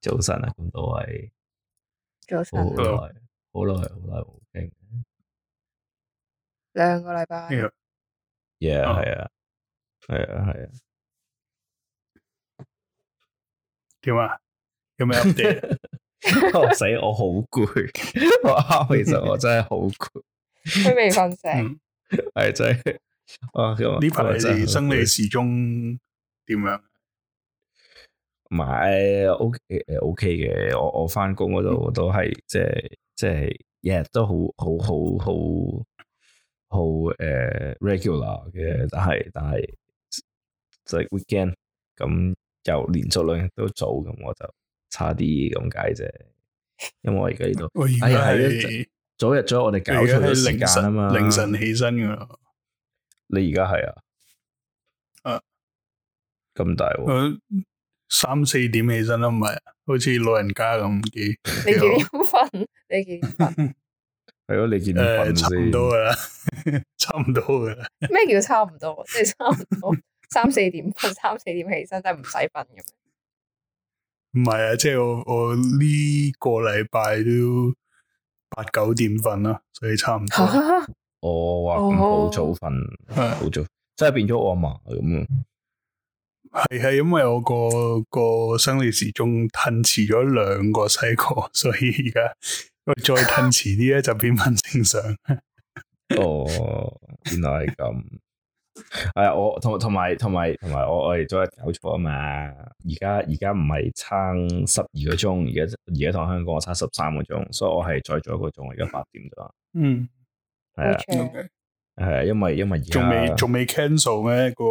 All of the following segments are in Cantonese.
早晨啊，咁多位早晨，好耐、yeah, oh. yeah, yeah, yeah.，好耐，好耐冇傾，兩個禮拜。yeah, 係啊，係啊，係啊。點啊？有咩 update？我死，我好攰，我, Mother, 我、 language. uh, 排排其實我真係好攰，佢未瞓醒，係真啊。呢排生理時鐘點樣？買 O 誒 O K 嘅，我我翻工度我都都係、嗯、即係即係日日都好好好好好誒 regular 嘅，但係但係即係 weekend 咁、嗯、又連續兩日都早。咁我就差啲咁解啫。因為我而家呢度哎呀呦，家係早日早我哋搞錯凌晨啊嘛，凌晨起身噶。你而家係啊？誒、uh,，咁大鑊。三四點起身都唔係，好似老人家咁幾。你幾點瞓？ 你幾點瞓？係咯，你幾點瞓？差唔多噶啦，差唔多噶啦。咩叫差唔多？即係差唔多三四點瞓，三四點起身，即係唔使瞓咁。唔係啊，即係我我呢個禮拜都八九點瞓啦，所以差唔多。我話、啊哦、好早瞓，好早、哦，真係變咗我阿嫲。咁啊。嗯係係因為我個個生理時鐘褪遲咗兩個細個，所以而家再褪遲啲咧就變返正常。哦，原來係咁。係啊、 哎，我同同埋同埋同埋我我哋做搞錯啊嘛。而家而家唔係差十二個鐘，而家而家同香港差十三個鐘，所以我係再做一個鐘。而家八點咗。嗯，係啊的，係 Okay. 因為因為而家仲未仲未 cancel 咩個？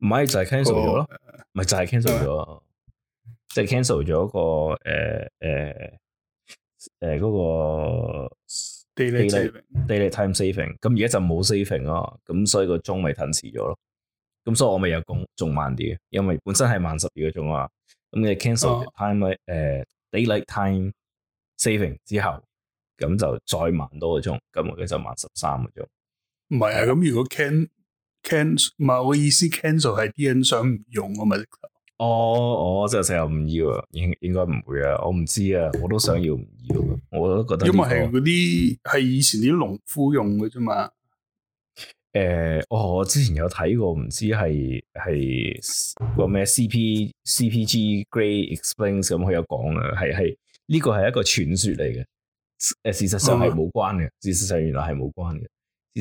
唔係就係、是、cancel 咗咯，咪、oh, uh, 就係、是、cancel 咗，即係、uh, cancel 咗個誒誒誒嗰個 daylight daylight time saving。咁而家就冇 saving 咯，咁所以個鐘咪褪遲咗咯。咁所以我咪有講仲慢啲，因為本身係慢十二個鐘啊。嘛。咁你 cancel time 誒、uh, daylight time saving 之後，咁就再慢多個鐘，咁我哋就慢十三個鐘。唔係啊，咁吧如果 can。cancel 唔係我意思，cancel 係啲人想用啊嘛？哦哦，即係成日唔要，應應該唔會啊！我唔知啊，我都想要唔要，我都覺得、這個。因為係嗰啲係以前啲農夫用嘅啫嘛。誒，我我之前有睇過，唔知係係個咩 CP CPG Grade explain 咁佢有講啊，係係呢個係一個傳說嚟嘅，誒事實上係冇關嘅，嗯、事實上原來係冇關嘅，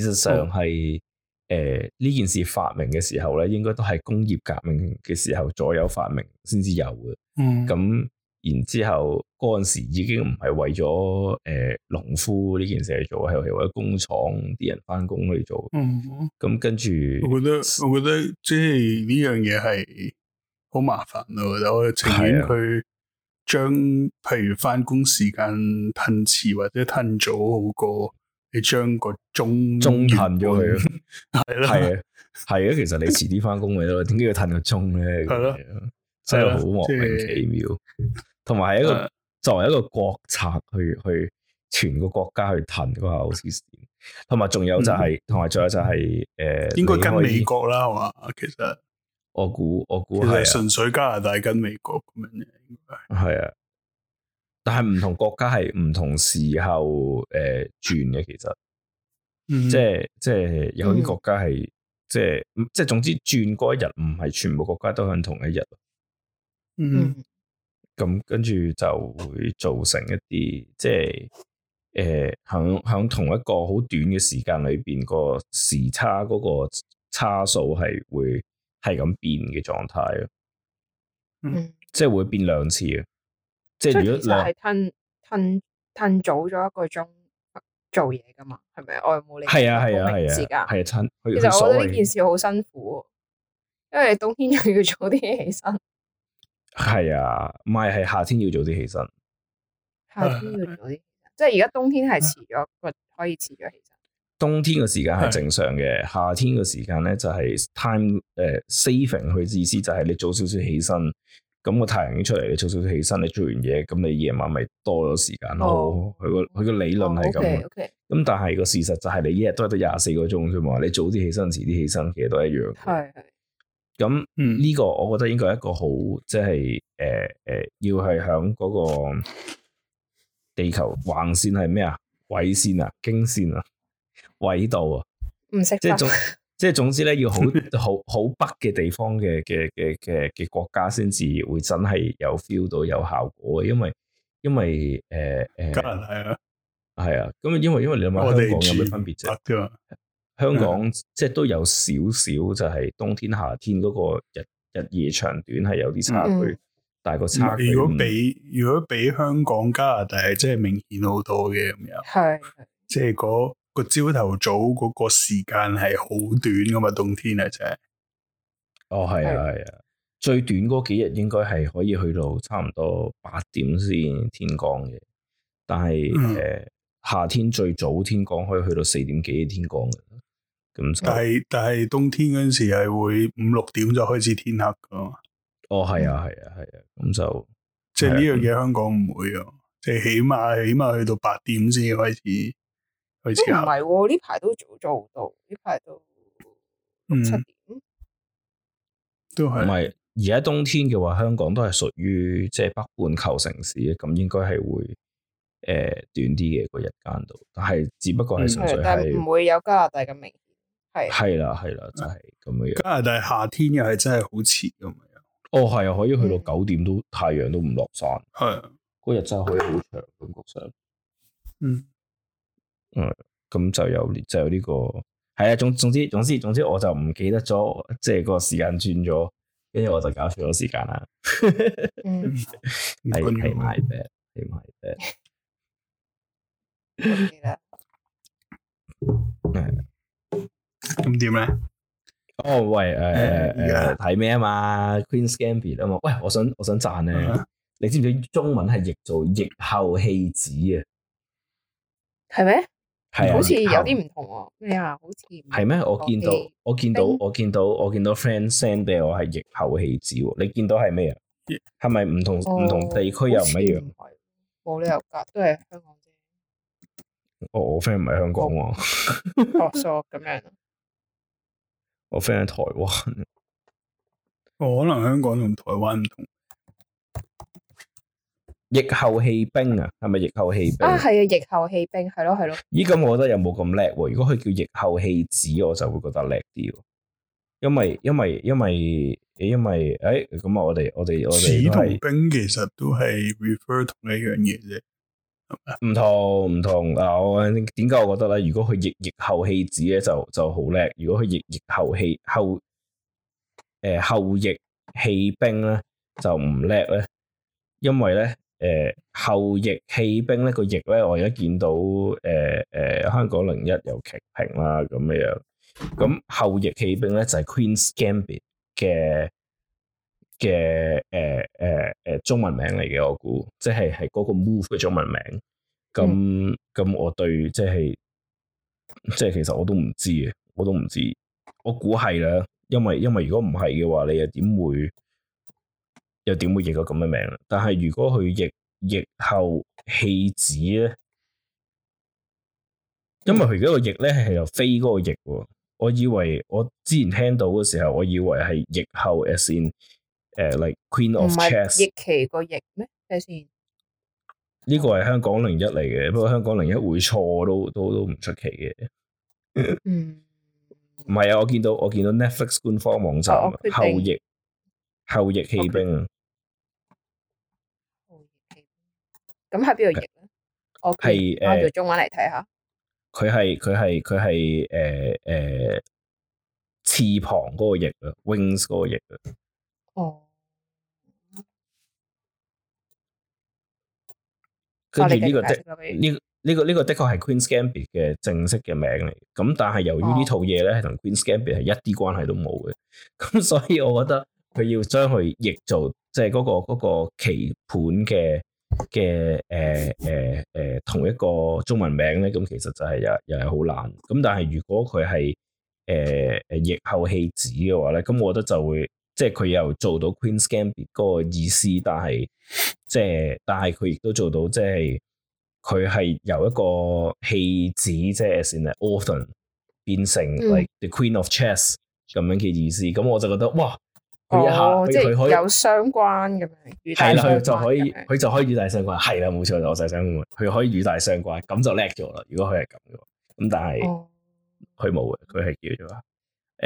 事實上係、oh. 誒，呢、呃、件事發明嘅時候咧，應該都係工業革命嘅時候左右發明先至有嘅。嗯，咁然之後嗰陣時已經唔係為咗誒、呃、農夫呢件事去做，係為咗工廠啲人翻工去做。咁跟住，後我覺得，我覺得即係呢樣嘢係好麻煩咯。我情願佢將、嗯、譬如翻工時間褪遲或者褪早好過。你將個鐘停咗佢，係啊，係啊，其實你遲啲翻工咪得咯，點解要停個鐘咧？係咯，真係好莫名其妙。同埋係一個作為一個國策去去全個國家去停個口，同埋仲有就係同埋仲有就係誒，應該跟美國啦，係嘛？其實我估我估，其實純粹加拿大跟美國咁樣嘅，係啊。但係唔同國家係唔同時候誒轉嘅，其實，mm hmm. 即係即係有啲國家係、mm hmm.，即係即係總之轉嗰一日唔係全部國家都響同一日，mm hmm. 嗯，咁跟住就會造成一啲即係誒響響同一個好短嘅時間裏邊，個時差嗰個差數係會係咁變嘅狀態咯，mm hmm. 即係會變兩次啊。即係如果，其實係吞吞吞早咗一個鐘做嘢噶嘛，係咪？我冇理係啊係啊係啊時間係啊吞。其實我覺得呢件事好辛苦，因為冬天仲要早啲起身。係啊，唔係係夏天要早啲起身。夏天要早啲起身，即係而家冬天係遲咗， 可以遲咗起身。冬天嘅時間係正常嘅， 夏天嘅時間咧就係 time 誒、uh, saving。佢意思就係你早少少起身。咁個太陽已經出嚟，你早少少起身，你做完嘢，咁你夜晚咪多咗時間咯。佢個佢個理論係咁，咁、哦 okay, okay. 但係個事實就係你一日都係得廿四個鐘啫嘛。你早啲起身，遲啲起身，其實都一樣。係係的。咁呢、嗯這個我覺得應該係一個好即係誒誒，要係響嗰個地球橫線係咩啊？緯線啊，經線啊，緯度啊。唔識。即是. 即係總之咧，要好好好北嘅地方嘅嘅嘅嘅嘅國家，先至會真係有 feel 到有效果。因為因為誒誒，呃、加拿大係啊係啊。咁啊，因為因為，因為你諗下香港有咩分別啫？香港、啊、即係都有少少，就係冬天夏天嗰個日日，日夜長短係有啲差距，嗯、但係個差距如果比如果比香港加拿大係即係明顯好多嘅咁樣，係即係嗰。的的個朝頭早嗰個時間係好短噶嘛，冬天，oh, 啊，就係，哦，係啊，係啊，最短嗰幾日應該係可以去到差唔多八點先天光嘅，但係誒、uh huh. 呃，夏天最早天光可以去到四點幾天光嘅，咁，但係但係冬天嗰陣時係會五六點就開始天黑噶嘛，哦，係啊，係啊，係啊，咁就即係呢樣嘢香港唔會啊，即係起碼起碼去到八點先開始。都唔係喎，呢排都早咗好多，呢排都七點、嗯、都係。唔係而家冬天嘅話，香港都係屬於即係北半球城市嘅，咁應該係會誒、呃、短啲嘅個日間度。但係只不過係純粹係、嗯、但係唔會有加拿大咁明顯係，係啦係啦，就係、是、咁樣。加拿大夏天又係真係好遲咁樣。哦係，可以去到九點都、嗯、太陽都唔落山，係個日真係可以好長，感覺上嗯。嗯，咁就有就有呢，這個係啊，總總之總之總之我就唔記得咗，即、就、係、是、個時間轉咗，跟住我就搞錯咗時間啦。嗯，係係埋啲，係埋啲。係啦。咁點咧？哦、啊，喂、嗯，誒睇咩啊嘛？Queen's Gambit 啊嘛？喂，我想我想讚咧。是是你知唔知中文係譯做譯後棄子啊？係咩？係啊，好似有啲唔同喎、哦。咩啊？好似係咩？我見到氣我見到冰我見到我見到，我見到 friend send 俾我係逆後氣字。你見到係咩啊？係咪唔同唔、哦、同地區又唔一樣？冇理由噶，都係香港啫、哦。我我 friend 唔係香港喎、哦，傻咁樣。我 friend 係台灣，我、 oh, 可能香港同台灣唔同。逆后棄兵啊，係咪逆后棄兵啊？係啊，逆后棄兵，係咯係咯。咦，咁我覺得又冇咁叻喎。如果佢叫逆后棄子，我就會覺得叻啲。因為因為因為、欸、因為誒、咁、欸、啊，我哋我哋我哋子同兵其實都係 refer 同一樣嘢啫。唔同唔同嗱，我點解我覺得咧？如果佢逆逆后棄子咧，就就好叻；如果佢逆逆后棄后誒、呃、后逆棄兵咧，就唔叻咧。因為咧。誒、呃，後翼棄兵咧，那個翼咧，我而家見到誒誒、呃呃，香港零一有劇評啦咁樣，咁後翼棄兵咧就係，是，Queen's Gambit 嘅嘅誒誒誒中文名嚟嘅，我估即係係嗰個 move 嘅中文名，咁咁，嗯，我對即係即係其實我都唔知嘅，我都唔知，我估係啦，因為因為如果唔係嘅話，你又點會？又點會譯到咁嘅名咧？但係如果佢譯譯後棄子咧，因為佢嗰個譯咧係由飛嗰個譯。我以為我之前聽到嘅時候，我以為係譯後誒先，誒、uh, like Queen of Chess 譯棋個譯咩？先呢個係香港零一嚟嘅，不過香港零一會錯都都都唔出奇嘅。唔 係啊！我見到我見到 Netflix 官方網站後翼後翼棄兵、okay. 咁喺邊度譯咧？我係誒，用中文嚟睇下。佢係佢係佢係誒誒翅膀嗰個翼啊，wings 嗰個翼，哦這個，啊。哦。跟住呢個的呢呢個呢個的確係 Queen's Gambit 嘅正式嘅名嚟。咁但係由於呢套嘢咧，係同 Queen's Gambit 係一啲關係都冇嘅。咁所以我覺得佢要將佢譯做即係嗰個，那個那個棋盤嘅。嘅誒誒誒同一個中文名咧，咁其實就係又又係好難。咁但係如果佢係誒誒逆後棄子嘅話咧，咁我覺得就會即係佢又做到 Queen's Gambit 嗰個意思，但係即係但係佢亦都做到即係佢係由一個棄子即係，就是，As in the often 變成 Like the Queen of Chess 咁樣嘅意思。咁我就覺得哇！即係有相關咁樣，係啦，就可以，佢就可以與大相關，係啦，冇錯就我就係想佢可以與大相關，咁就叻咗啦。如果佢係咁嘅，咁但係佢冇嘅，佢係、哦、叫做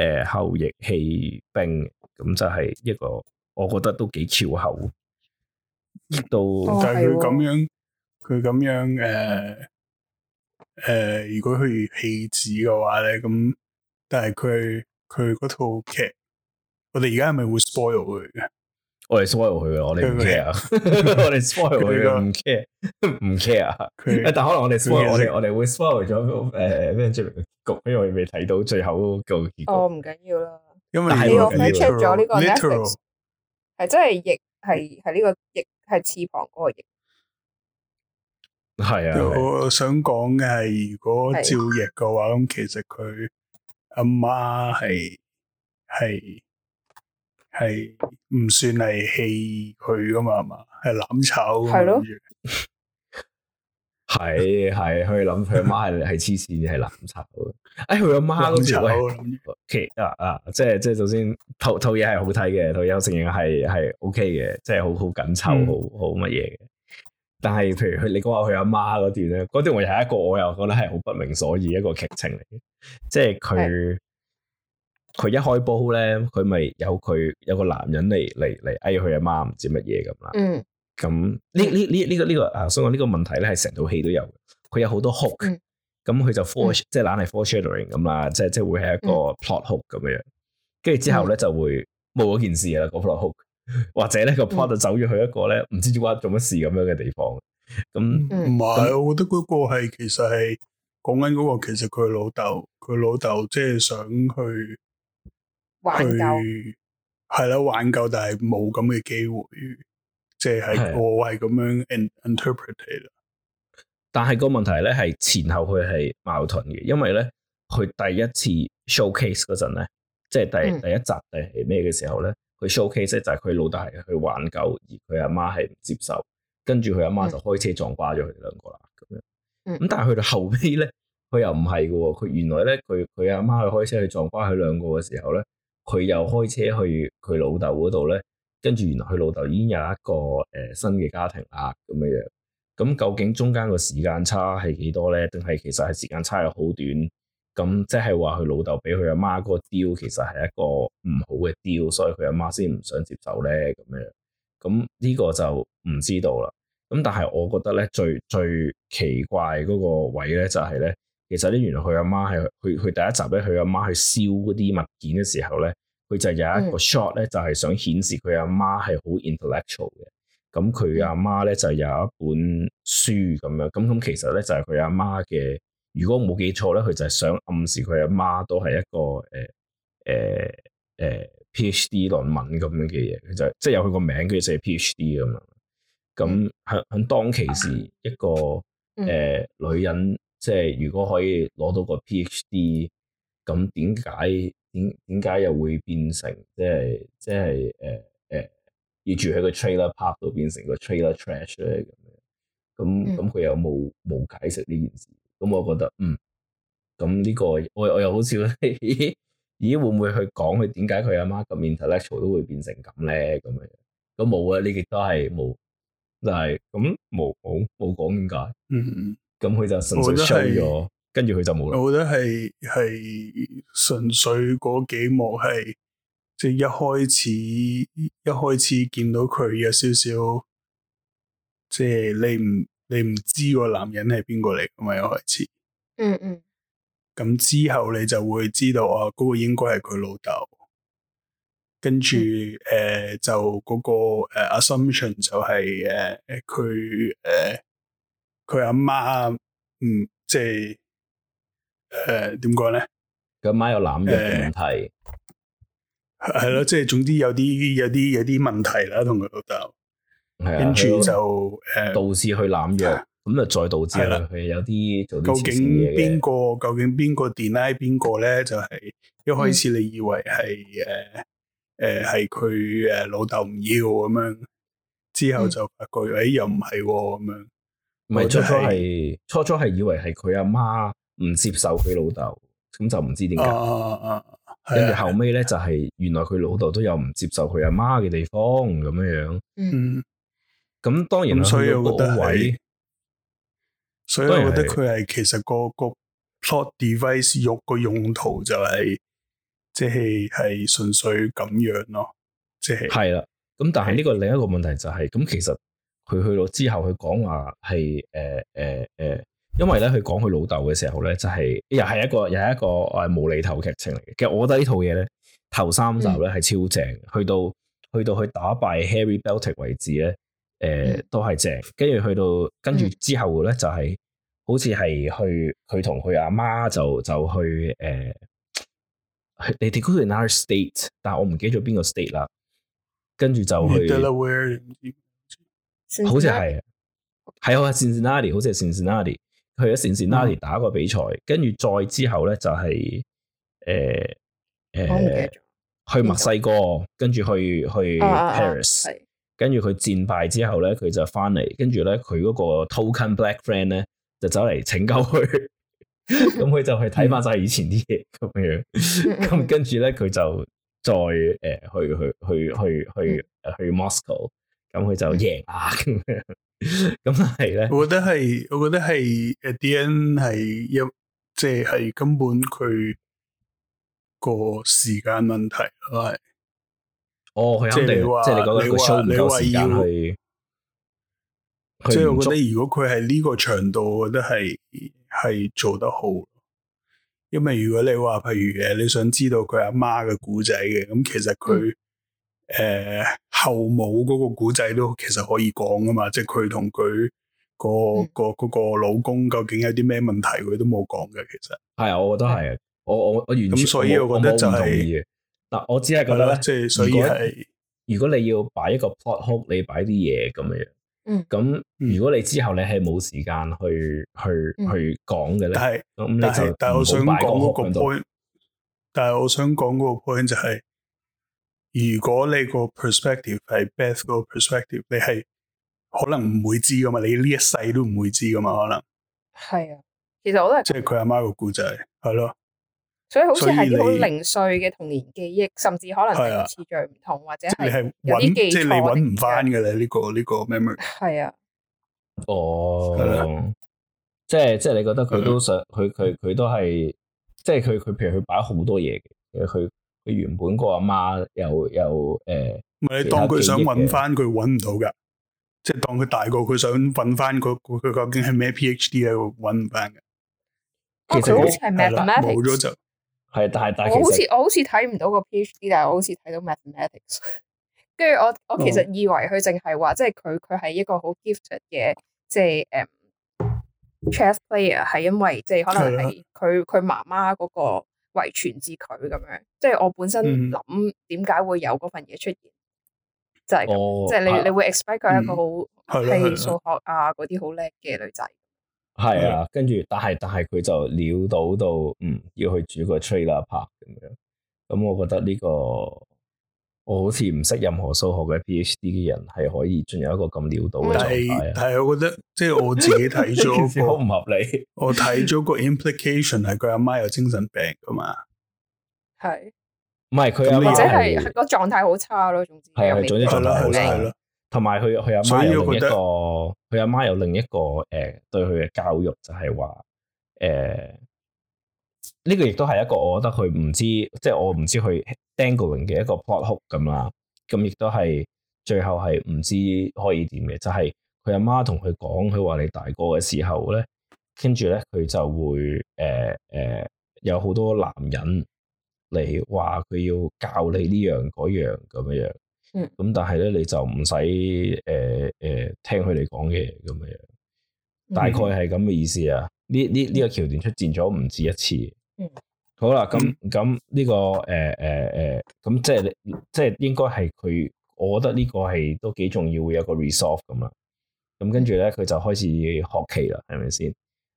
誒後翼棄兵，咁就係一個我覺得都幾翹口。到、哦、但係佢咁樣，佢咁樣誒誒、呃呃，如果佢棄子嘅話咧，咁但係佢佢嗰套劇。我哋而家係咪會 spoil 佢？我哋 spoil 佢，我哋唔 care，我哋 spoil 佢唔 care，唔 care 啊！但可能我哋我哋我哋會 spoil 咗誒咩？結局？因為我未睇到最後個結果。哦，唔緊要啦，因為你 check 咗呢個 literal，係真係翼，係係呢個翼，係翅膀嗰個翼。係啊，我想講嘅係如果照翼嘅話，咁其實佢阿媽係係。係唔算係戲佢噶嘛？係嘛？係攬炒？係咯樣。係係佢諗佢阿媽係係黐線，係攬炒。哎，佢阿媽嗰段喂，其實、okay，啊啊，即係即係，首先套套嘢係好睇嘅，套嘢有成日係係 O K 嘅，即係好好緊湊，好好乜嘢嘅。但係譬如佢你講話佢阿媽嗰段咧，嗰段我又係一個，我又覺得係好不明所以一個劇情嚟嘅，即係佢。佢一開煲咧，佢咪有佢有個男人嚟嚟嚟，嗌佢阿媽唔知乜嘢咁啦。嗯，咁呢呢呢呢個呢、呢個、呢個、啊，所以呢個問題咧係成套戲都有，佢有好多 hook，咁佢就 for 即係硬係 foreshadowing 咁啦，即係即係會係一個 plot hook 咁樣，跟住之後咧、嗯、就會冇嗰件事啦，個 plot hook，或者咧、嗯、個 plot 就走咗去一個咧唔知點解做乜事咁樣嘅地方。咁唔係，我覺得嗰個係其實係講緊嗰個，其實佢老豆佢老豆即係想去。去係啦，挽救，但係冇咁嘅機會，即係的我係咁樣 interpret 啦。但係個問題咧，係前後佢係矛盾嘅，因為咧，佢第一次 showcase 嗰陣咧，即係第第一集定係咩嘅時候咧，佢、嗯、showcase 就係佢老豆係去挽救，而佢阿媽係唔接受，跟住佢阿媽就開車撞瓜咗佢哋兩個啦。咁樣，咁、嗯、但係去到後屘咧，佢又唔係噶喎，佢原來咧，佢佢阿媽去開車去撞瓜佢兩個嘅時候咧。佢又開車去佢老豆嗰度咧，跟住原來佢老豆已經有一個誒、呃、新嘅家庭啊咁嘅樣。咁究竟中間個時間差係幾多咧？定係其實係時間差又好短？咁即係話佢老豆俾佢阿媽嗰個雕，其實係一個唔好嘅雕，所以佢阿媽先唔想接受咧咁樣。咁呢個就唔知道啦。咁但係我覺得咧，最最奇怪嗰個位咧就係咧。其實咧，原來佢阿媽係佢佢第一集咧，佢阿媽去燒嗰啲物件嘅時候咧，佢就有一個 shot 咧，就係想顯示佢阿媽係好 intellectual 嘅。咁佢阿媽咧就有一本書咁樣。咁咁其實咧就係佢阿媽嘅。如果我冇記錯咧，佢就係想暗示佢阿媽都係一個誒誒誒 PhD 論文咁樣嘅嘢。佢就即係有佢個名，佢就寫 PhD 咁樣。咁響響當其時一個誒、呃、女人。嗯即係如果可以攞到個 PhD，咁點解點點解又會變成即係即係誒誒要住喺個 trailer park 度變成個 trailer trash 咧？咁咁佢又冇冇解釋呢件事？咁我覺得嗯，咁呢、呢個我我又好笑。 咦咦會唔會去講佢點解佢阿媽咁 intellectual 都會變成咁咧？咁樣都冇啊！呢啲都係冇，就係咁冇冇冇講點解。咁佢就純粹咗，跟住佢就冇啦。我覺得係係純粹嗰幾幕係，即係一開始一開始見到佢有少少，即係你唔你唔知個男人係邊個嚟噶嘛？一開始，嗯嗯。咁之後你就會知道啊，嗰個應該係佢老豆。跟住誒，嗯，呃，就嗰個誒，assumption 就係誒誒，佢，呃，誒。佢阿媽，嗯，即係誒，點講咧？佢阿媽有濫藥嘅問題，係咯、呃，即係總之有啲有啲有啲問題啦。同佢老豆，跟住就誒，導致去攬藥，咁就、呃、再導致啦。係有啲究竟邊個？究竟邊個 deny 邊個咧？就係、是、一開始你以為係誒誒係佢誒老豆唔要咁樣，之後就發覺誒、嗯欸、又唔係咁樣。唔係初初係，就是、初初係以為係佢阿媽唔接受佢老豆，咁就唔知點解。跟住、啊、後尾咧，就係原來佢老豆都有唔接受佢阿媽嘅地方，咁樣樣。嗯。咁當然唔需要我覺得，所以我覺得佢係其實、嗰個、嗰個 plot device 用個用途就係、是，即係係純粹咁樣咯。即、就、係、是。係啦。咁但係呢個另一個問題就係、是，咁其實。佢去到之後講，佢講話係誒誒誒，因為咧佢講佢老豆嘅時候咧，就係、是、又係一個又係一個誒、啊、無厘頭劇情嚟嘅。其實我覺得套呢套嘢咧，頭三集咧係超正，去到去到佢打敗 Harry Beltic 為止咧，誒、呃、都係正。跟住去到跟住之後咧，就係、是、好似係去佢同佢阿媽就就去誒，你、呃、Another State，但我唔記咗邊個 State 啦。跟住就去。好似係，係我 Cincinnati，好似係 Cincinnati，去咗 Cincinnati 打個比賽，跟住再之後咧就係誒誒，去墨西哥，跟住去去 Paris，跟住佢戰敗之後咧，佢就翻嚟，跟住咧佢嗰個 Token Black Friend 咧就走嚟拯救佢，咁佢就去睇翻晒以前啲嘢咁樣，咁跟住咧佢就再誒去去去去去去 Moscow。咁佢就贏啊！咁咁係咧，我覺得係，我覺得係 d 啲人係一即係根本佢個時間問題係。哦，即係即係你嗰個佢抽唔夠時間去。即係我覺得如果佢係呢個長度，我覺得係係做得好。因為如果你話譬如誒，你想知道佢阿媽嘅古仔嘅，咁其實佢。嗯誒，後母嗰個古仔都其實可以講㗎嘛，即係佢同佢個個個老公究竟有啲咩問題，佢都冇講嘅。其實係啊，我覺得係啊，我我我完全咁所以我覺得就係嗱，我只係覺得，咧。即係所以，如果你要擺一個 plot hole，你擺啲嘢咁樣樣。嗯。咁如果你之後你係冇時間去去去講嘅咧，咁你就但係我想講嗰個 point，但係我想講嗰個 point 就係。如果你個 perspective 係 Beth 個 perspective，你係可能唔會知噶嘛，你呢一世都唔會知噶嘛，可能係啊。其實我都係即係佢阿媽個故仔，係咯。所以好似係啲好零碎嘅童年記憶，甚至可能係次序唔同，啊、或者係有啲記憶即係你搵唔翻嘅咧，呢個呢、呢個 memory。係啊，哦、oh, 即係即係你覺得佢都想佢佢佢都係，即係佢佢譬如佢擺好多嘢嘅佢。佢原本個阿媽又又誒，唔係、呃、你當佢想揾翻佢揾唔到嘅，嗯、即係當佢大個佢想揾翻佢，佢究竟係咩 PhD 嚟揾唔翻嘅？哦、其實好似係 mathematics，好就係但係但我好似我好似睇唔到個 PhD，但係我好似睇到 mathematics。跟 住我我其實以為佢淨係話，即係佢佢係一個好 gifted 嘅，即係誒 chess player 係因為即係可能係佢佢媽媽嗰個。遺傳至佢咁樣，即係我本身諗點解會有嗰份嘢出現，嗯、就係咁。哦、即係你、啊、你會 expect 佢係一個好、嗯、係數學啊嗰啲好叻嘅女仔，係啊的。嗯、跟住但係但係佢就料到到嗯，要去煮個 trailer 拍咁樣，咁我覺得呢、這個。我好似唔識任何數學嘅 PhD 嘅人，係可以進入一個咁潦倒嘅狀態。但係我覺得，即係我自己睇咗好唔合理。我睇咗個 implication 係佢阿媽有精神病㗎嘛？係，唔係佢或者係個狀態好差咯。總之係，總之狀態好差。同埋佢佢阿媽有另一個，佢阿媽有另一個誒，對佢嘅教育就係話誒。呢個亦都係一個，我覺得佢唔知，即係我唔知佢 dangling 嘅一個 plot hole 咁啦。咁亦都係最後係唔知可以點嘅，就係佢阿媽同佢講，佢話你大個嘅時候咧，跟住咧佢就會誒誒、呃呃、有好多男人嚟話佢要教你呢樣嗰樣咁樣。嗯，咁但係咧你就唔使誒誒聽佢哋講嘅咁樣，大概係咁嘅意思啊。嗯呢呢呢個橋段出現咗唔止一次，嗯，好啦，咁咁呢個誒誒誒，咁、呃呃呃、即係即係應該係佢，我覺得呢個係都幾重要一，會有個 resolve 咁啦。咁跟住咧，佢就開始學棋啦，係咪先？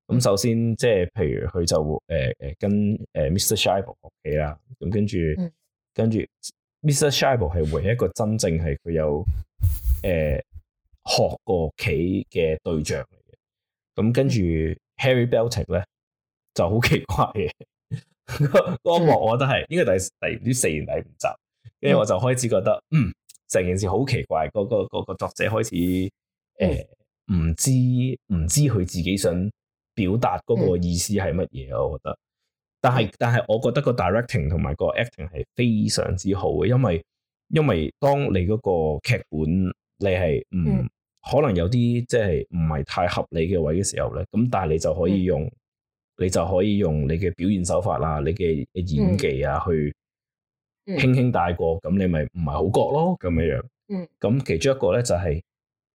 咁首先即係譬如佢就誒誒、呃、跟誒 Mr. Shybo 學棋啦，咁跟住、嗯、跟住 Mr. Shybo 係唯一一個真正係佢有誒、呃、學過棋嘅對象嚟嘅，咁跟住。Harry Belting 咧就好奇怪嘅，嗰 幕那的我都係，呢個第第呢四年第五集，跟住我就開始覺得，嗯，成、嗯、件事好奇怪，嗰、那個、那個那個作者開始誒唔、呃嗯、知唔知佢自己想表達嗰個意思係乜嘢，嗯、我覺得。但係但係，我覺得個 directing 同埋個 acting 係非常之好嘅，因為因為當你嗰個劇本你係唔。嗯嗯可能有啲即係唔係太合理嘅位嘅時候咧，咁但係你就可以用，嗯、你就可以用你嘅表現手法啦、啊，你嘅演技啊，去輕輕帶過，咁、嗯、你咪唔係好覺咯，咁樣樣。嗯，咁其中一個咧就係、是，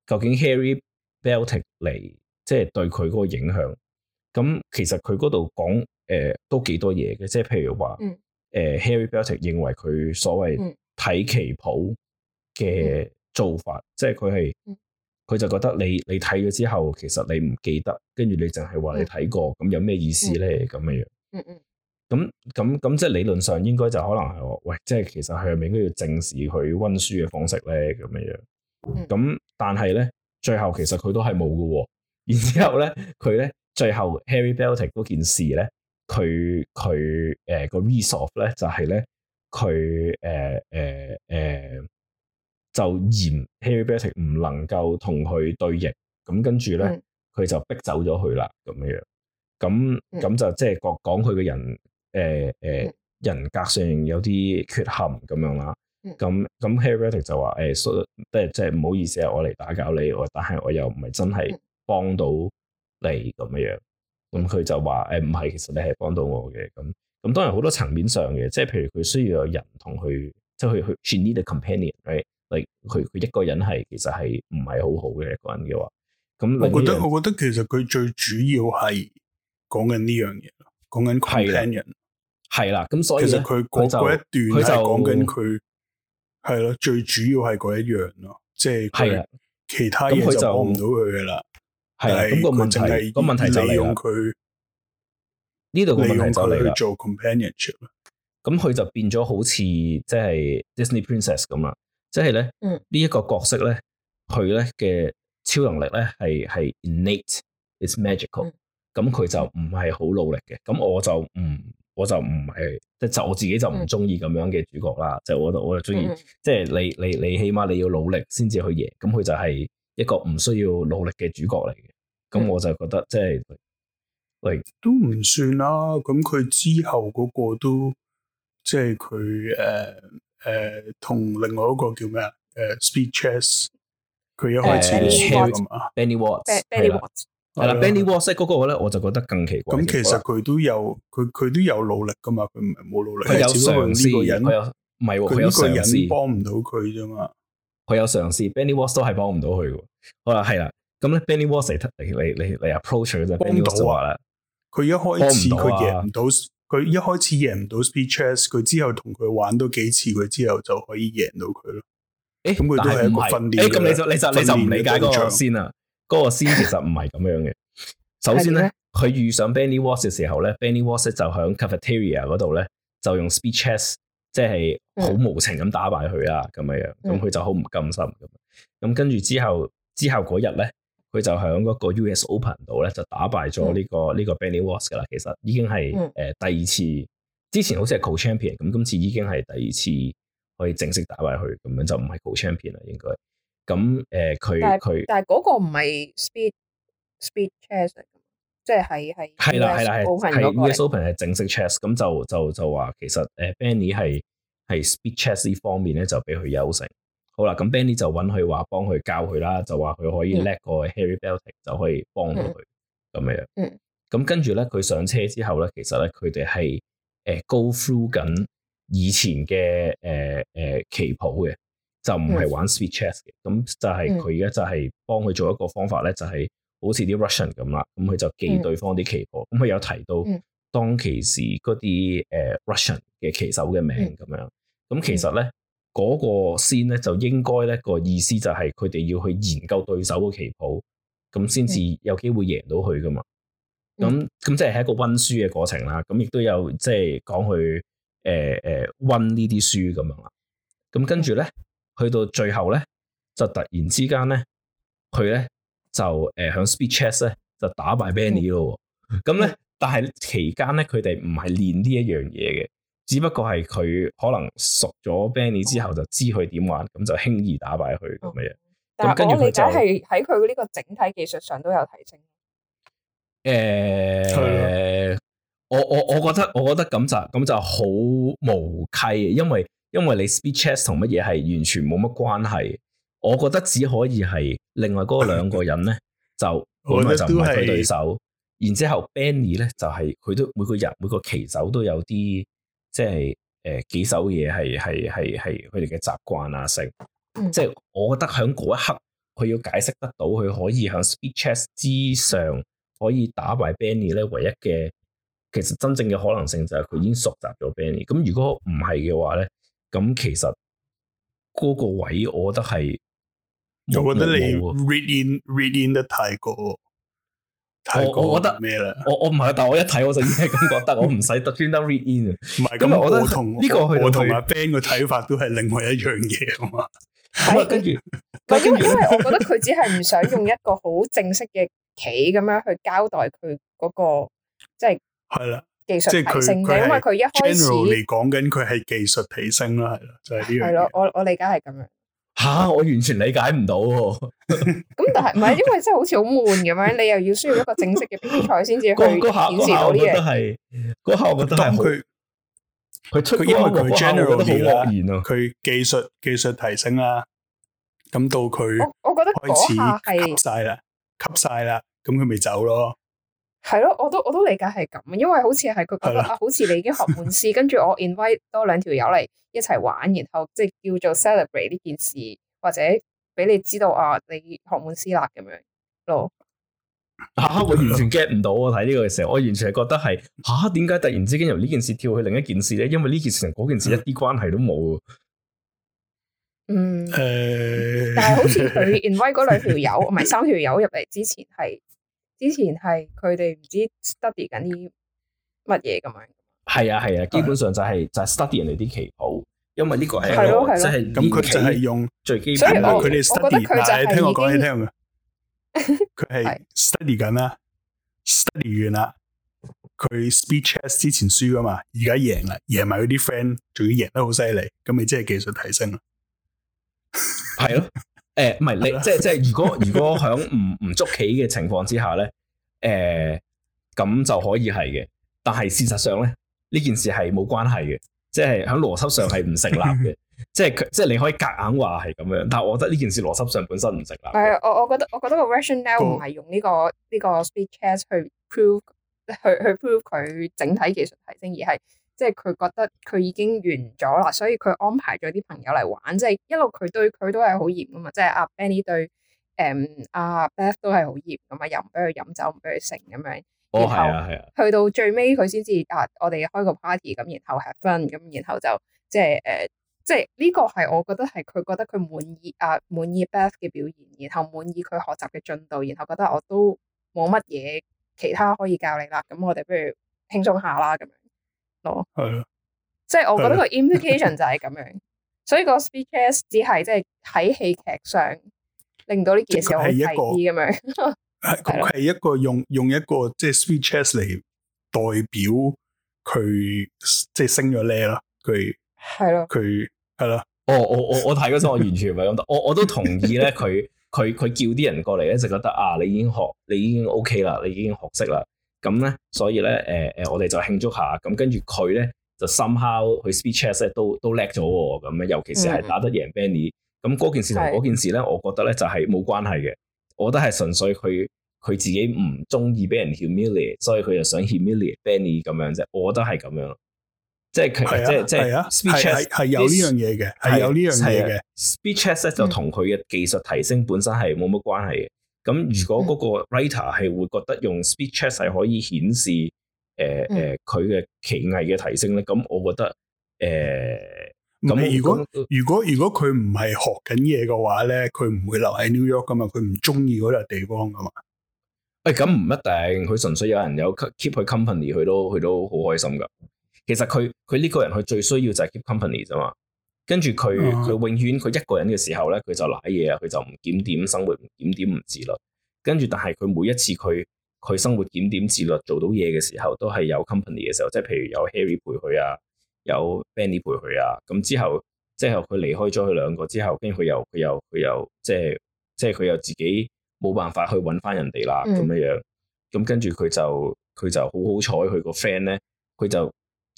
究竟 Harry Belting 嚟，即、就、係、是、對佢嗰個影響。咁其實佢嗰度講誒、呃、都幾多嘢嘅，即係譬如話，誒、嗯呃、Harry Belting 認為佢所謂睇棋譜嘅做法，即係佢係。嗯嗯嗯佢就覺得你你睇咗之後，其實你唔記得，跟住你淨係話你睇過，咁、嗯、有咩意思咧？咁樣樣，嗯嗯，咁咁咁，即係理論上應該就可能係我，喂，即係其實佢係咪應該要正視佢溫書嘅方式咧，咁樣樣，咁、嗯、但係咧，最後其實佢都係冇嘅喎，然之後咧，佢咧最後 Harry Beltic 嗰件事咧，佢佢誒個 resource 咧就係、是、咧，佢誒誒誒。呃呃呃呃就嫌 Harry Potter 唔能夠同佢對弈，咁跟住咧，佢就逼走咗佢啦，咁樣，咁咁就即係講講佢嘅人，誒、呃、誒、呃，人格上有啲缺陷咁樣啦，咁咁 Harry Potter 就話誒、欸 so, 呃，即係即係唔好意思啊，我嚟打攪你，但係我又唔係真係幫到你咁樣，咁佢就話誒，唔、欸、係，其實你係幫到我嘅，咁咁當然好多層面上嘅，即係譬如佢需要有人同佢，即係去，she need a companion，佢佢一個人係其實係唔係好好嘅一個人嘅話，咁我覺得我覺得其實佢最主要係講緊呢樣嘢，講緊 companion，係啦，咁所以其實佢嗰一段佢就講緊佢係咯，最主要係嗰一樣咯，即係係其他嘢就唔到佢噶啦，係咁、個問題，個問題就係用佢呢度嘅內容嚟做 companionship，咁佢就變咗好似即係 Disney Princess 咁啦。即係咧，呢一，嗯、個角色咧，佢咧嘅超能力咧係係 innate，it's magical 嗯。咁佢就唔係好努力嘅。咁我就唔，嗯，我就唔係，即係就我自己就唔中意咁樣嘅主角啦。嗯，就我我就中意，即係，嗯、你你你起碼你要努力先至去贏。咁佢就係一個唔需要努力嘅主角嚟嘅。咁，嗯、我就覺得即係，喂，嗯、都唔算啦。咁佢之後嗰個都，即係佢誒。呃誒，同另外一個叫咩啊？誒，Speed Chess，佢一開始係輸咁啊。Benny Watts，Benny Watts，但係 Benny Watts 嗰個咧，我就覺得更奇怪。咁其實佢都有，佢佢都有努力噶嘛，佢唔係冇努力，係只不過呢個人，佢有，唔係喎，佢呢個人幫唔到佢啫嘛。佢有嘗試，Benny Watts 都係幫唔到佢噶。好啦，係啦，咁咧，Benny Watts 你你你你 approach 咗啫，Benny Watts 就話啦，佢一開始佢贏唔到。佢一開始贏唔到 speed chess，佢之後同佢玩多幾次，佢之後就可以贏到佢咯。咁佢都係一個訓練。咁你就是、你就是就是、你就唔理解個先啊去，嗰個先其實唔係咁樣嘅。首先咧，佢遇上 ben w Benny Watts 嘅時候咧，Benny Watts 就喺 cafeteria 嗰度咧，就用 speed chess，即係好無情咁打敗佢啊咁樣。咁佢就好唔甘心咁。咁跟住之後，之後嗰日咧。佢就喺嗰個 US Open 度咧，就打敗咗呢、這個呢、嗯、個 Benny Watts 噶啦。其實已經係誒、嗯呃、第二次，之前好似係 Co Champion，咁今次已經係第二次可以正式打敗佢，咁樣就唔係 Co Champion 啦。應該咁誒，佢、嗯、佢、呃但他，但係嗰個唔係 Speed Speed Chess，即係係係啦係啦係，係 Open 是 US Open 係正式 Chess，咁就就就話其實誒 Benny 係係 Speed Chess 呢方面咧就比佢優勝。好啦，咁 Benny 就搵佢話幫佢教佢啦，就話佢可以叻過 mm. Harry Belting，就可以幫到佢咁樣。咁、mm. 跟住咧，佢上車之後咧，其實咧佢哋係誒 go through 緊以前嘅誒誒棋譜嘅，就唔係玩 Sweet Chess 嘅。咁、mm. 就係佢而家就係、是、幫佢做一個方法咧，就係、是、好似啲 Russian 咁啦。咁佢就記對方啲棋譜。咁佢、mm. 嗯、有提到當其時嗰啲誒 Russian 嘅棋手嘅名咁樣。咁、mm. 嗯、其實咧。嗰個先咧就應該咧，那個意思就係佢哋要去研究對手嘅棋譜，咁先至有機會贏到佢噶嘛。咁咁即係一個溫書嘅過程啦。咁亦都有即係講去誒誒溫呢啲書咁樣啦。咁跟住咧，去到最後咧，就突然之間咧，佢咧就誒響 speed chess 咧就打敗 Benny 咯。咁咧，但係期間咧，佢哋唔係練呢一樣嘢嘅。只不過係佢可能熟咗 Benny 之後就知佢點玩，咁、哦、就輕易打敗佢咁嘅樣。但係我理解係喺佢呢個整體技術上都有提升。誒、呃的，我我我覺得我覺得咁就咁就好無稽，因為因為你 speed chess 同乜嘢係完全冇乜關係。我覺得只可以係另外嗰兩個人咧， 就根本就唔係佢對手。然之後 Benny 咧就係、是、佢都每個人每個棋手都有啲。即係誒、呃、幾首嘢係係係係佢哋嘅習慣啊性，嗯、即係我覺得喺嗰一刻佢要解釋得到佢可以喺 speeches 之上可以打敗 Benny 咧，唯一嘅其實真正嘅可能性就係佢已經熟習咗 Benny。咁、嗯嗯、如果唔係嘅話咧，咁其實嗰個位我覺得係，我覺得你 read in read in 得太過。我我覺得咩啦？我我唔係，但我一睇我就已經係咁覺得，我唔使特專登 read in 啊。唔係咁我同呢個佢同埋 Ben 嘅睇法都係另外一樣嘢啊嘛。咁跟住，因為因為我覺得佢只係唔想用一個好正式嘅企咁樣去交代佢嗰個即係，係啦技術提升嘅，因為佢一開始嚟，講緊佢係技術提升啦，係啦就係呢樣嘢咯。我我理解係咁樣。吓、啊！我完全理解唔到喎。咁 但係唔係，因為真係好似好悶咁樣，你又要需要一個正式嘅比賽先至去顯示到啲嘢。嗰下係，嗰下我覺得但係佢。佢出因為佢 general 都好愕然啊，佢技術技術提升啦，咁到佢，我我覺得嗰下係吸晒啦，吸晒啦，咁佢咪走咯。係咯，我都我都理解係咁，因為好似係佢覺得對了 啊，好似你已經學滿師，跟住 我 invite 多兩條友嚟一齊玩，然後即係叫做 celebrate 呢件事，或者俾你知道啊，你學滿師啦咁樣咯。吓，我完全 get 唔到，我睇呢個嘅時候，我完全係覺得係吓，點解突然之間由呢件事跳去另一件事咧？因為呢件事同嗰件事一啲關係都冇。嗯。誒。但係好似佢 invite 嗰兩條友，唔係三條友入嚟之前係。之前係佢哋唔知 study 緊啲乜嘢咁樣，係啊係啊，基本上就係、是、就係、是、study 人哋啲棋譜，因為呢個係即係咁佢淨係用最基本，佢哋 study，但係聽我講你聽啊，佢係 study 緊啦 的，study 完啦，佢 speech 之前輸噶嘛，而家贏啦，贏埋佢啲 friend，仲要贏得好犀利，咁咪即係技術提升啦，係咯。 誒，唔係、欸、你，即係即係，如果如果響唔唔捉棋嘅情況之下咧，誒、欸，咁就可以係嘅。但係事實上咧，呢件事係冇關係嘅，即係響邏輯上係唔成立嘅。 即係佢，即係你可以夾硬話係咁樣，但係我覺得呢件事邏輯上本身唔成立。係我我覺得，我覺得個 Rationale 唔係用呢、這個呢、這個 Speed Chess 去 prove 去去 prove 佢整體技術提升，而係。即係佢覺得佢已經完咗啦，所以佢安排咗啲朋友嚟玩。即係一路佢對佢都係好嚴噶嘛，即係阿 Benny 對誒阿、嗯啊、Beth 都係好嚴噶嘛，又唔俾佢飲酒，唔俾佢食。咁樣。然後哦，係啊，係啊。去到最尾佢先至啊，我哋開個 party 咁，然後吃分咁，然後就即係誒，即係呢、呃這個係我覺得係佢覺得佢滿意啊，滿意 Beth 嘅表現，然後滿意佢學習嘅進度，然後覺得我都冇乜嘢其他可以教你啦。咁、嗯、我哋不如輕鬆下啦咁咯，係咯、哦，的即係我覺得個 implication 就係咁樣，的所以個 speeches 只係即係喺戲劇上令到呢件事係一,一個咁樣，係係一個用用一個即係 speeches 嚟代表佢即係升咗 level，佢係咯，佢係咯，我我我我睇嗰時我完全唔係咁諗，我我都同意咧，佢佢佢叫啲人過嚟一直覺得啊，你已經學，你已經 OK 啦，你已經學識啦。咁咧，所以咧，誒、呃、誒、呃，我哋就慶祝下。咁跟住佢咧，就 somehow 佢 speeches 咧都都叻咗喎。咁樣，尤其是係打得贏 Benny、嗯。咁嗰件事同嗰件事咧是，我覺得咧就係冇關係嘅。我覺得係純粹佢佢自己唔中意俾人 humiliate，所以佢就想 humiliate Benny 咁樣啫。我覺得係咁樣。即係佢，啊、即係即係啊！speeches 係、啊啊啊、有呢樣嘢嘅，係有呢樣嘢嘅 speeches 咧，啊、Speech 就同佢嘅技術提升本身係冇乜關係嘅。咁如果嗰個 writer 係會覺得用 speech chat 係可以顯示誒誒佢嘅奇藝嘅提升咧，咁我覺得誒咁。呃唔係，嗯、如果、嗯、如果如果佢唔係學緊嘢嘅話咧，佢唔會留喺 New York 噶嘛，佢唔中意嗰個地方噶嘛。誒咁唔一定，佢純粹有人有 keep 佢 company，佢都佢都好開心噶。其實佢佢呢個人佢最需要就係 keep company 啫嘛。跟住佢，佢永遠佢一個人嘅時候咧，佢就瀨嘢啊，佢就唔檢點生活，唔檢點唔自律。跟住但係佢每一次佢佢生活檢點自律做到嘢嘅時候，都係有 company 嘅時候，即係譬如有 Harry 陪佢啊，有 Benny 陪佢啊。咁之後即係佢離開咗佢兩個之後，跟住佢又佢又佢又即係即係佢又自己冇辦法去搵返人哋啦咁樣樣。咁跟住佢就佢就好好彩，佢個 friend 咧，佢就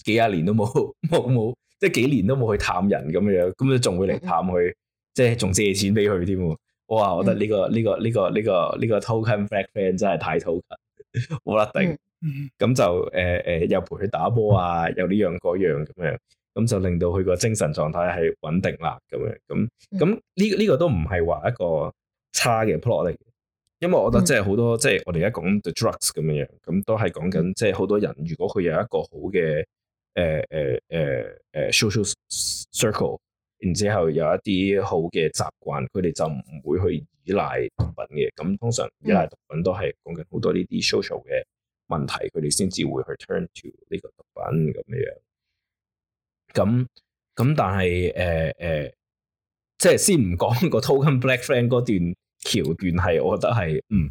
幾廿年都冇冇冇。 即係幾年都冇去探人咁樣，咁樣仲會嚟探佢，即係仲借錢俾佢添。哇！我覺得呢、呢個呢、 呢個呢、呢個呢、呢個呢、呢個 token friend a 真係太 token，冇 得頂。咁就誒誒、呃呃，又陪佢打波啊，又呢樣嗰樣咁樣，咁就令到佢個精神狀態係穩定啦。咁樣咁咁呢呢個都唔係話一個差嘅 plot 嚟，嘅，因為我覺得即係好多 即係我哋而家講 the drugs 咁樣，咁都係講緊即係好多人如果佢有一個好嘅。誒誒誒誒，social circle，然之後有一啲好嘅習慣，佢哋就唔會去依賴毒品嘅。咁通常依賴毒品都係講緊好多呢啲 social 嘅問題，佢哋先至會去 turn to 呢個毒品咁樣。咁咁，但係誒誒，uh, uh, 即係先唔講個 token black friend 嗰段橋段，係我覺得係，嗯，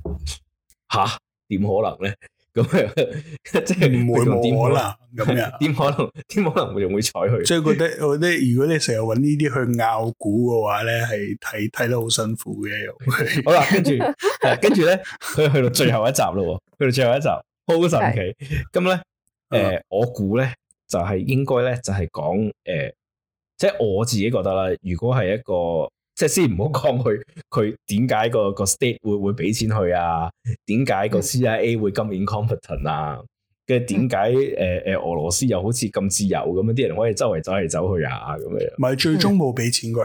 吓點可能咧？咁樣 即係是唔會點可能咁 樣，就是，點可能點可能仲會采佢。所以我覺得，我覺得如果你成日搵呢啲去拗估嘅話咧，係睇睇得好辛苦嘅。 好啦，跟住 跟住咧，佢去到最後一集咯，去到最後一集，好 神奇。咁咧的，誒、 呃，我估咧就係、是、應該咧就係講誒，即、呃、係、就是、我自己覺得啦，如果係一個。即係先唔好講佢，佢點解個個 state 會會俾錢佢啊？點解個 CIA 會今年 competent 啊？跟住點解誒誒俄羅斯又好似咁自由咁樣，啲人可以周圍走嚟走去啊？咁、嗯、樣，咪最終冇俾錢佢，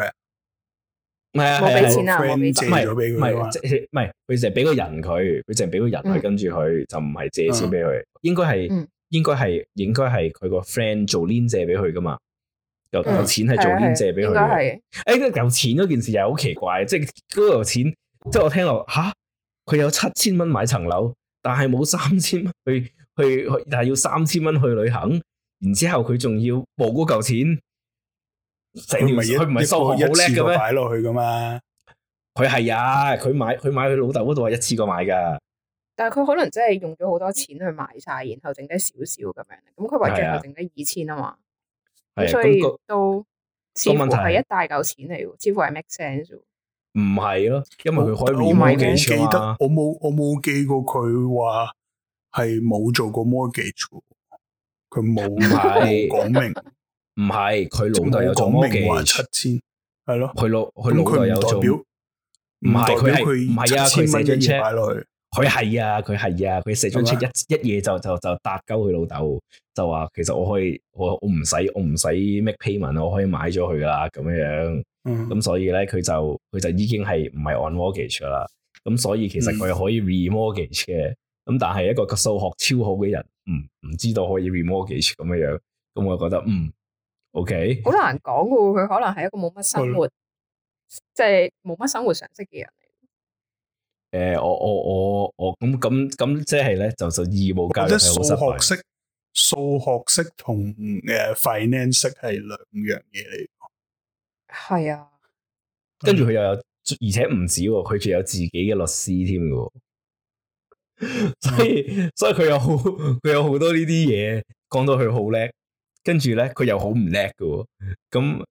係啊，冇俾錢啊，唔係唔係，唔係，佢淨係俾個人佢，佢淨係俾個人去、嗯、跟住佢，就唔係借錢俾佢，應該係，應該係，應該係佢個 friend 做 link 借俾佢噶嘛。有有、嗯、錢係做連借俾佢，誒，呢個有錢嗰件事又好奇怪，即係嗰嚿錢，即係我聽落吓，佢、啊、有七千蚊買層樓，但係冇三千蚊去去，但係要三千蚊去旅行，然之後佢仲要冇嗰嚿錢，成條佢唔係收好叻嘅咩？擺落去噶嘛？佢係啊，佢買佢買佢老豆嗰度係一次過買噶，但係佢可能真係用咗好多錢去買晒，然後剩低少少咁樣，咁佢話最後剩低二千啊嘛。所以都似乎係一大嚿錢嚟喎，似乎係 make sense。唔係咯，因為佢開 mortgage。記得我冇我冇記過佢話係冇做過 mortgage。佢冇冇講明，唔係佢老豆有講明話七千，係咯，佢老佢老豆有做，唔係佢係唔係啊？千蚊一車買落去。佢係啊，佢係啊，佢寫張出一一夜就就就搭鳩佢老豆，就話其實我可以我我唔使我唔使 make payment，我可以買咗佢啦咁樣樣。咁、嗯、哼所以咧佢就佢就已經係唔係 on mortgage 啦。咁所以其實佢可以 remortgage 嘅。咁、嗯、但係一個個數學超好嘅人，嗯，唔知道可以 remortgage 咁樣樣。咁我就覺得嗯，OK，好難講噶喎。佢可能係一個冇乜生活，即係冇乜生活常識嘅人。誒、呃，我我我我咁咁咁，即係咧，就就義務教育係好失敗。數學式、數學式同誒、呃、finance 式係兩樣嘢嚟。係啊，跟住佢又有，而且唔止，佢仲有自己嘅律師添噶。 所以所以佢有好，佢有好多呢啲嘢，講到佢好叻，跟住咧佢又好唔叻噶。咁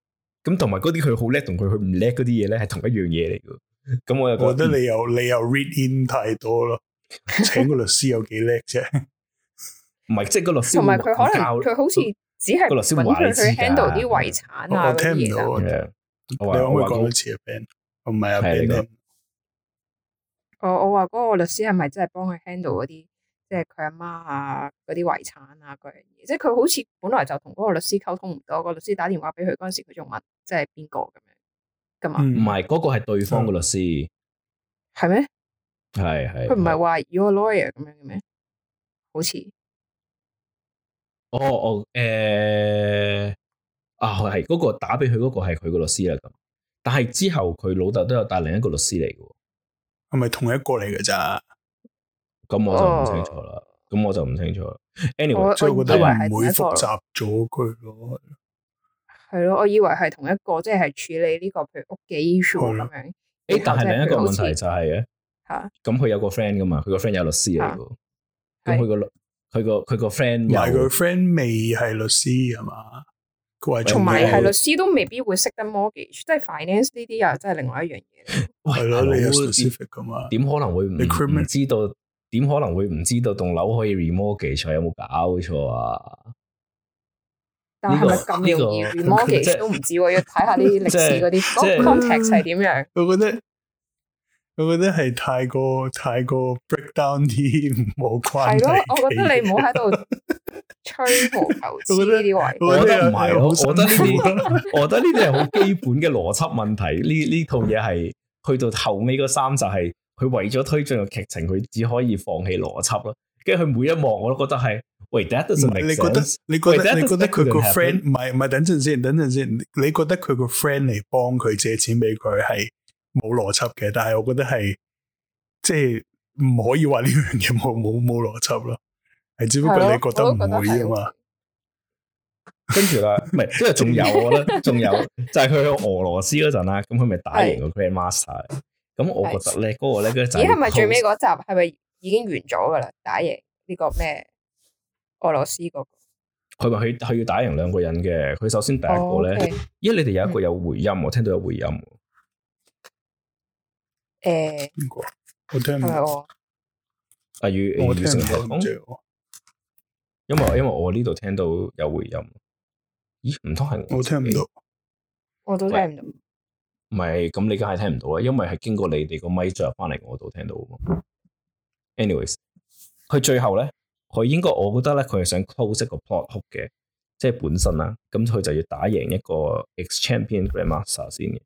咁同埋嗰啲佢好叻，同佢佢唔叻嗰啲嘢咧，係同一樣嘢嚟噶。咁我又覺得你又你又 read in 太多咯，請個律師有幾叻啫？唔係，即係個律師同埋佢可能佢好似只係搵佢去 handle 啲遺產啊嗰啲嘢啊。我聽唔到，你可唔可以講多次啊 Ben？唔係啊 Ben，我我話嗰個律師係咪真係幫佢 handle 嗰啲，即係佢阿媽啊嗰啲遺產啊嗰啲嘢？即係佢好似本來就同嗰個律師溝通唔到。個律師打電話俾佢嗰陣時，佢仲問即係邊個。噶，唔係，嗰、嗯，嗰個係對方嘅律師，係咩嗎？係係，佢唔係話要個 lawyer 咁樣嘅咩？好似、哦，哦哦，誒、呃，啊，係嗰、嗰個打俾佢嗰個係佢個律師啦。咁，但係之後佢老豆都有帶另一個律師嚟嘅，係咪同一個嚟嘅咋？咁我就唔清楚啦。咁、哦、我就唔清楚。Anyway，即係我，我覺得唔會複雜咗佢咯。係咯，我以為係同一個，即係處理呢、這個譬如屋企嘅 issue 咁樣。誒、欸，但係另一個問題就係、是、咧，咁佢有個 friend 噶嘛，佢個 friend 有律師嚟噶。咁佢、啊那個佢個佢個 friend，埋佢 friend 未係律師係嘛？佢係，同埋係律師都未必會識得 mortgage，即係 finance 呢啲又、啊、真係另外一樣嘢。係啦， 你有 specific 點可能會唔知道？點可能會唔知道棟樓可，可以 remortgage 有冇搞錯啊？但係咪咁容易其實都唔知，就是、要睇下呢啲歷史嗰啲 context 係點樣我？我覺得我覺得係太過太過 breakdown 啲，冇關係。我覺得你唔好喺度吹毛求疵呢啲位。我都唔係，我覺得呢啲，我覺得呢啲係好基本嘅邏輯問題。呢呢 套嘢係去到後尾嗰三集係佢為咗推進個劇情，佢只可以放棄邏輯啦。跟住佢每一幕我都覺得係。喂，你你覺得你覺得你覺得佢個 friend 唔係唔係等陣先，等陣先，你覺得佢 doesn 個 friend 嚟幫佢借錢俾佢係冇邏輯嘅，但係我覺得係即係唔可以話呢樣嘢冇冇冇邏輯咯，係只不過你覺得唔會啊嘛。跟住啦，唔係，因為仲有我覺得，仲有就係、是、佢去俄羅斯嗰陣啦，咁佢咪打贏個 grandmaster 的。咁我覺得咧，嗰個咧嗰集係咪最尾嗰集係咪已經完咗噶啦？打贏呢、這個咩？俄羅斯嗰、那個，佢話佢佢要打贏兩個人嘅，佢首先第一個咧，咦、oh, okay. 你哋有一個有回音，mm. 我聽到有回音。誒、欸，邊個誰？我聽唔到，阿 Yu，、啊、我聽唔到。因為因為我呢度聽到有回音，咦？唔通係我聽唔到？喂我都聽唔到。唔係，咁你梗係聽唔到啦，因為係經過你哋個咪進入翻嚟，我度聽到。 anyways，佢最後咧。佢應該，我覺得咧，佢係想 close 呢個 plot hook 嘅，即係本身啦。咁佢就要打贏一個 ex-champion grandmaster 先嘅。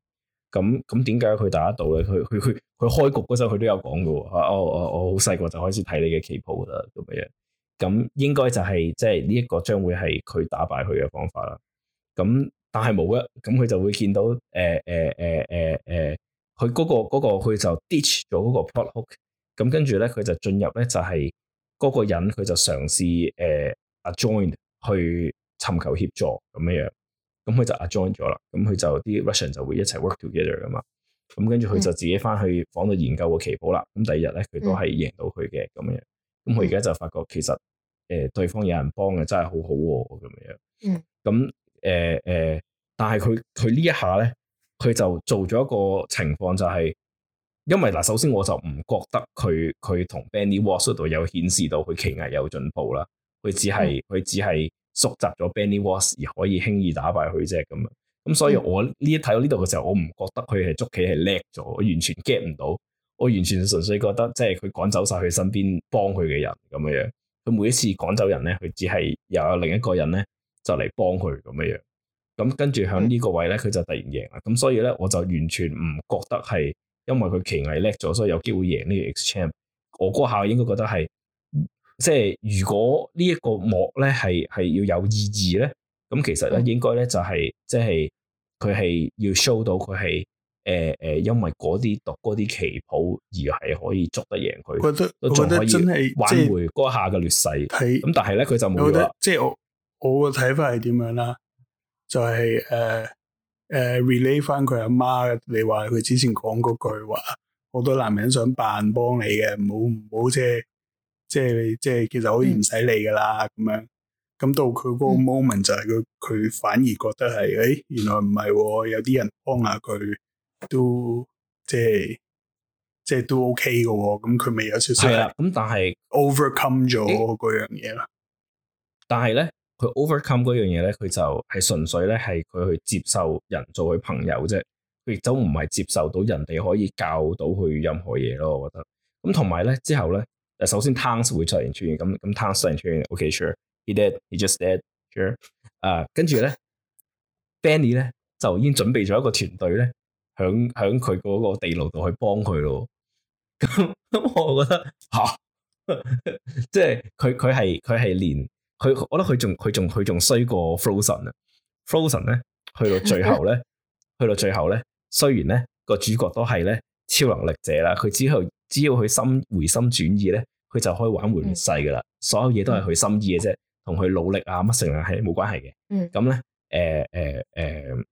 咁咁點解佢打得到咧？佢佢佢佢開局嗰陣，佢都有講嘅、哦。我我我好細個就開始睇你嘅棋譜啦，咁樣。咁應該就係、是、即係呢一個將會係佢打敗佢嘅方法啦。咁但係冇嘅，咁佢就會見到誒誒誒誒誒，佢、呃、嗰、呃呃呃呃那個佢、那個、就 ditch 咗嗰個 plot hook。咁跟住咧，佢就進入咧就係、是。嗰個人佢就嘗試誒 join 去尋求協助咁樣，咁佢就 join 咗啦。咁佢就啲 Russian 就會一齊 work together 噶嘛。咁跟住佢就自己翻去房度研究個棋譜啦。咁第二日咧，佢都係贏到佢嘅咁樣。咁佢而家就發覺其實誒、呃、對方有人幫嘅真係好好喎咁樣。嗯。咁誒誒，但係佢佢呢一下咧，佢就做咗一個情況就係、是。因為嗱，首先我就唔覺得佢佢同 Benny Wall 嗰度有顯示到佢棋藝有進步啦。佢只係佢、嗯、只係縮集咗 Benny Wall 而可以輕易打敗佢啫咁啊。咁所以我呢一睇到呢度嘅時候，我唔覺得佢係捉棋係叻咗。我完全 get 唔到，我完全純粹覺得即係佢趕走晒佢身邊幫佢嘅人咁樣樣。佢每一次趕走人咧，佢只係又有另一個人咧就嚟幫佢咁樣樣。咁跟住響呢個位咧，佢就突然贏啦。咁所以咧，我就完全唔覺得係。因為佢棋藝叻咗，所以有機會贏呢個 exchange。我嗰下應該覺得係，即係如果呢一個幕咧係係要有意義咧，咁其實咧應該咧就係、是，即係佢係要 show 到佢係誒誒，因為嗰啲讀啲棋譜而係可以捉得贏佢。我覺得，仲可以我覺得真係挽回嗰下嘅劣勢。咁看但係咧佢就冇啦。即係我我嘅睇法係點樣啦？就係、是、誒。Uh 誒 Relay 翻佢阿媽，你話佢之前講嗰句話，好多男人想扮幫你嘅，唔好，唔好，即係即係即係，其實可以唔使理噶啦咁樣。咁到佢嗰個 moment、嗯、就係佢佢反而覺得係誒、哎，原來唔係、哦、有啲人幫下佢都即係即係都 OK 嘅喎。咁佢未有少少係啦。咁但係 overcome 咗嗰樣嘢啦。但係咧。佢 overcome 嗰樣嘢咧，佢就係純粹咧，係佢去接受人做佢朋友啫，佢亦都唔係接受到人哋可以教到佢任何嘢咯。我覺得咁同埋咧，之後咧，首先 Tans 會出現出現，咁咁 Tans 出現出現，OK sure，he did，he just did，sure、uh。誒，跟住咧，Fanny 咧就已經準備咗一個團隊咧，響響佢嗰個地牢度去幫佢咯。咁、嗯、咁、嗯，我覺得吓，啊、 即係佢佢係佢係連。佢我覺得佢仲佢仲佢仲衰過 Frozen 啊！Frozen 咧去到最後咧，去到最後咧，雖然咧個主角都係咧超能力者啦，佢之後只要佢心回心轉意咧，佢就可以玩回世噶啦。所有嘢都係佢心意嘅啫，同佢努力啊乜成啊係冇關係嘅。咁咧、嗯，誒誒誒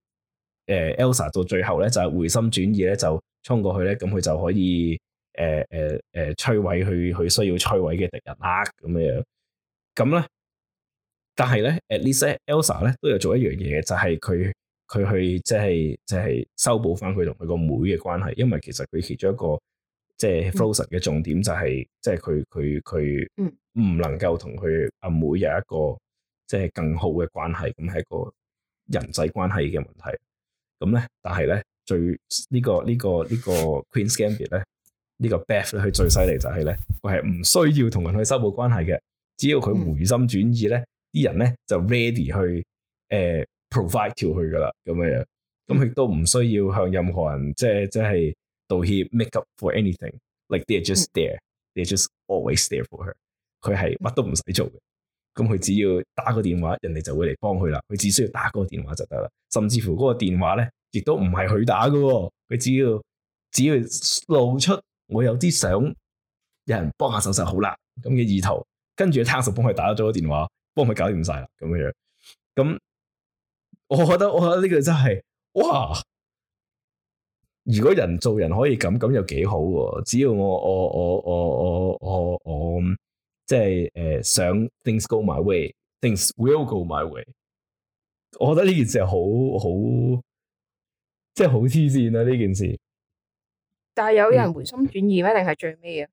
誒，Elsa 到最後咧就係、回心轉意咧，就衝過去咧，咁佢就可以誒誒誒摧毀佢佢需要摧毀嘅敵人啦、啊。咁樣咁咧。但係咧，at least Elsa 咧都有做一樣嘢，就係佢佢去即係即係修補翻佢同佢個妹嘅關係。因為其實佢其中一個即係 Frozen 嘅重點就係、是，即係佢佢佢，唔能夠同佢阿妹有一個即係更好嘅關係，咁係一個人際關係嘅問題。咁咧，但係咧，最呢、這個呢、這個呢、這個 Queen's Gambit 咧，這個、呢個 Beth 咧，佢最犀利就係咧，佢係唔需要同人去修補關係嘅，只要佢回心轉意咧。啲人咧就 ready 去誒、uh, provide to 佢噶啦，咁樣樣，咁佢都唔需要向任何人即係即係道歉，make up for anything，like they're just there，they're、嗯、just always there for her。佢係乜都唔使做嘅，咁佢只要打個電話，人哋就會嚟幫佢啦。佢只需要打嗰個電話就得啦。甚至乎嗰個電話咧，亦都唔係佢打嘅喎、哦。佢只要只要露出我有啲想有人幫下手就好啦咁嘅意圖，跟住咧就幫佢打咗個電話。幫佢搞掂晒啦，咁樣，樣，咁我覺得，我覺得呢個真係，哇！如果人做人可以咁，咁又幾好。只要我我我我我我我，即係誒，想 things go my way，things will go my way。我覺得呢件事係好好，即係好黐線啊！呢件事，但係有人回心轉意咩？定係、嗯、最咩啊？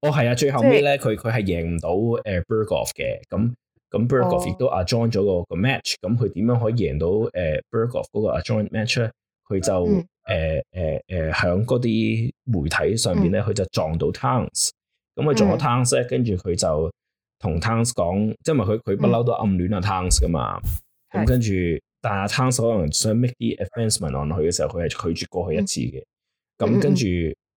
哦，係啊，最後尾咧，佢佢係贏唔到誒 Bergoff 嘅。咁咁 Bergoff 亦都 adjoin 咗個個 match，咁佢點樣可以贏到誒 Bergoff 嗰個 adjoint match 咧？佢就誒誒誒，響嗰啲媒體上邊咧，佢就撞到 Towns，咁佢撞咗 Towns，跟住佢就同 Towns 講，即係咪佢佢不嬲都暗戀阿 Towns 噶嘛？咁跟住，是但阿 Towns 可能想 make 啲 advancement on 佢嘅時候，佢係拒絕過去一次嘅，咁跟住。嗯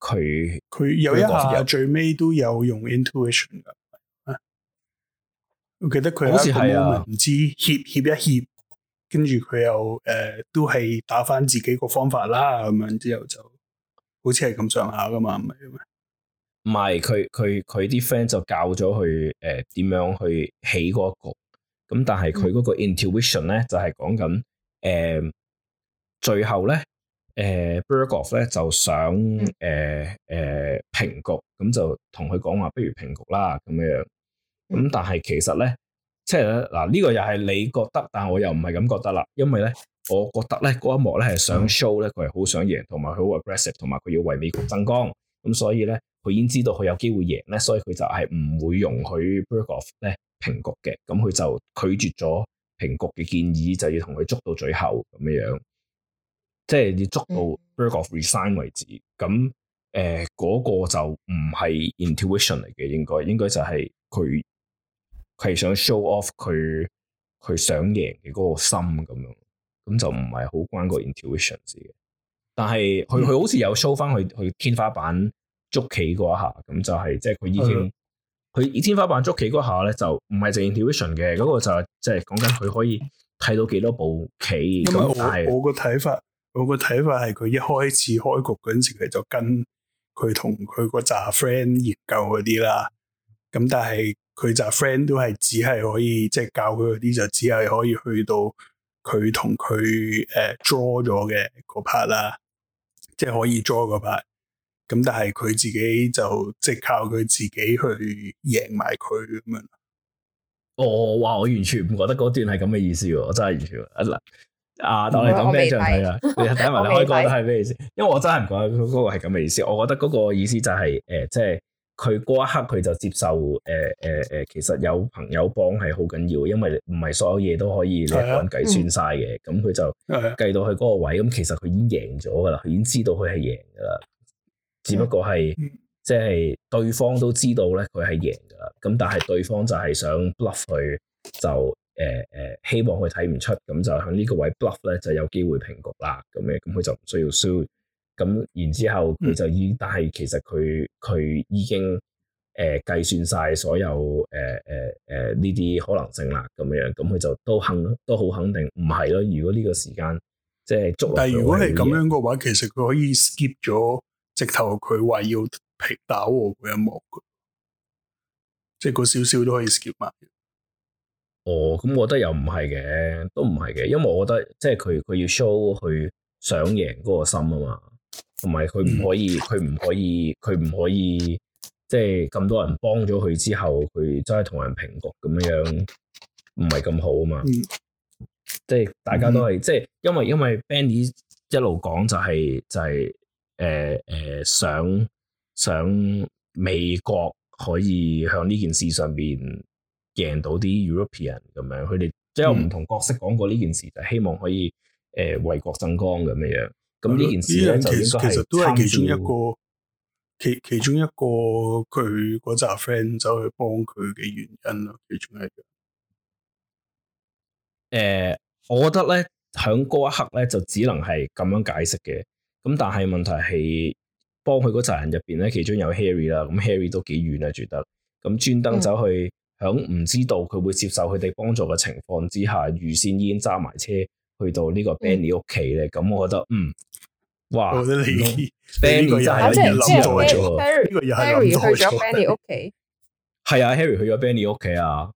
佢佢有一下，一下最尾都有用 intuition 噶，啊，我記得佢好似係啊，唔知協協一協，跟住佢又誒、呃，都係打翻自己個方法啦，咁樣之後就，好似係咁上下噶嘛，唔係咩？唔係，佢佢佢啲 friend 就教咗佢誒點樣去起嗰個局，咁但係佢嗰個 intuition 咧就係講緊誒，最後咧。誒，Bergerov 咧就想誒誒平局，咁就同佢講話，不如平局啦咁樣。咁、嗯、但係其實咧，即係嗱呢個又係你覺得，但我又唔係咁覺得啦。因為咧，我覺得咧嗰一幕咧係想 show 咧佢係好想贏，同埋佢好 aggressive，同埋佢要為美國爭光。咁所以咧，佢已經知道佢有機會贏咧，所以佢就係唔會容許 Bergerov 咧平局嘅。咁佢就拒絕咗平局嘅建議，就要同佢捉到最後咁樣。即係要捉到 break of resign 為止，咁誒嗰個就唔係 intuition 嚟嘅，應該應該就係佢係想 show off 佢佢想贏嘅嗰個心咁樣，咁就唔係好關個 intuition 事嘅。但係佢佢好似有 show 翻佢佢天花板捉棋嗰一下，咁就係、是、即係佢已經佢以的天花板捉棋嗰下咧，就唔係淨係 intuition 嘅，嗰個就是、即係講緊佢可以睇到幾多步棋咁，我但是我個睇法。我個睇法係佢一開始開局嗰陣時，佢就跟佢同佢個渣 friend 研究嗰啲啦，咁但係佢渣 friend 都係只係可以即係、就是、教佢嗰啲就只係可以去到佢同佢誒 draw 咗嘅嗰 part 啦，即、就、係、是、可以 draw 嗰 part，咁但係佢自己就即係、就是、靠佢自己去贏埋佢咁樣。我話、哦、我完全唔覺得嗰段係咁嘅意思，我真係完全、啊啊，你會我未睇啦。你睇埋你開過都係咩意思？ 因為我真係唔覺得嗰個係咁嘅意思。我覺得嗰個意思就係、是、誒、呃，即係佢嗰一刻佢就接受誒誒誒，其實有朋友幫係好緊要，因為唔係所有嘢都可以你搵計算晒嘅。咁佢就計到去嗰個位，咁的其實佢已經贏咗噶啦，已經知道佢係贏噶啦。只不過係即係對方都知道咧，佢係贏噶啦。咁但係對方就係想 bluff 佢就。誒誒，希望佢睇唔出，咁就喺呢個位 bluff 咧，就有機會平局啦。咁樣，咁佢就唔需要 s 輸。咁然之後，佢就已經，嗯、但係其實佢佢已經誒、呃、計算晒所有誒誒誒呢啲可能性啦。咁樣，咁佢就都肯，都好肯定唔係咯。如果呢個時間即係但係如果係咁樣嘅話，其實佢可以 skip 咗，直頭佢話要平打我嗰一幕嘅，即係個少少都可以 skip 埋。哦，咁我覺得又唔係嘅，都唔係嘅，因為我覺得即係佢佢要 show 佢想贏嗰個心啊嘛，同埋佢唔可以，佢唔、嗯、可以，佢唔可以，即係咁多人幫咗佢之後，佢真係同人平局咁樣，唔係咁好啊嘛。嗯、即係大家都係，嗯、即係因為因為 Bandy 一路講就係、是、就係誒誒想想美國可以向呢件事上邊。贏到啲 European 咁樣，佢哋即係有唔同角色講過呢件事，就、嗯、希望可以誒、呃、為國爭光咁樣樣。咁呢件事咧就應該其實都係其中一個其其中一個佢嗰扎 friend 走去幫佢嘅原因咯，其中一樣。誒、呃，我覺得咧喺嗰一刻咧就只能係咁樣解釋嘅。咁但係問題係幫佢嗰扎人入邊咧，其中有 Harry 啦，咁 Harry 都幾遠啊，住得咁專登走去、嗯。響唔知道佢會接受佢哋幫助嘅情況之下，預先已經揸埋車去到呢個 Benny 屋企咧。咁、嗯嗯、我覺得，嗯，哇，Benny 真係有諗錯咗。呢諗咗。Harry 去咗 Benny 屋企，係啊，Harry 去咗 Benny 屋企啊。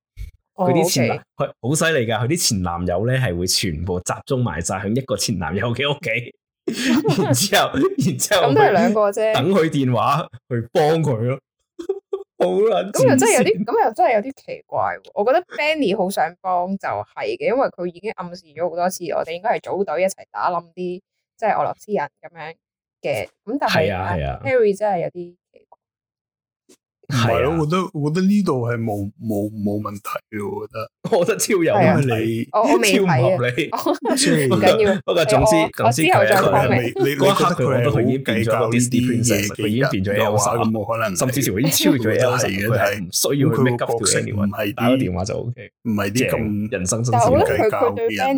佢啲前男，佢好犀利噶。佢啲前男友咧係會全部集中埋曬響一個前男友嘅屋企， 然之後，然之後咁都係兩個啫。 等佢電話去幫佢咯。好，咁又真係有啲，咁又真係有啲奇怪。我覺得 Benny 好想幫就係、係、嘅，因為佢已經暗示咗好多次，我哋應該係組隊一齊打冧啲即係俄羅斯人咁樣嘅。咁但係、係啊、係啊、Harry 真係有啲。係咯，我覺得我覺得呢度係冇冇冇問題嘅，我覺得。我覺得超有，因為你超合理，唔緊要。不過總之總之佢係你，你覺得佢覺得佢已經變咗啲啲嘢，佢已經變咗 L S，咁冇可能，甚至乎已經超咗 L S 嘅，係所以佢嘅個性唔係啲，打個電話就 O K，唔係啲咁人生真事計較嘅人。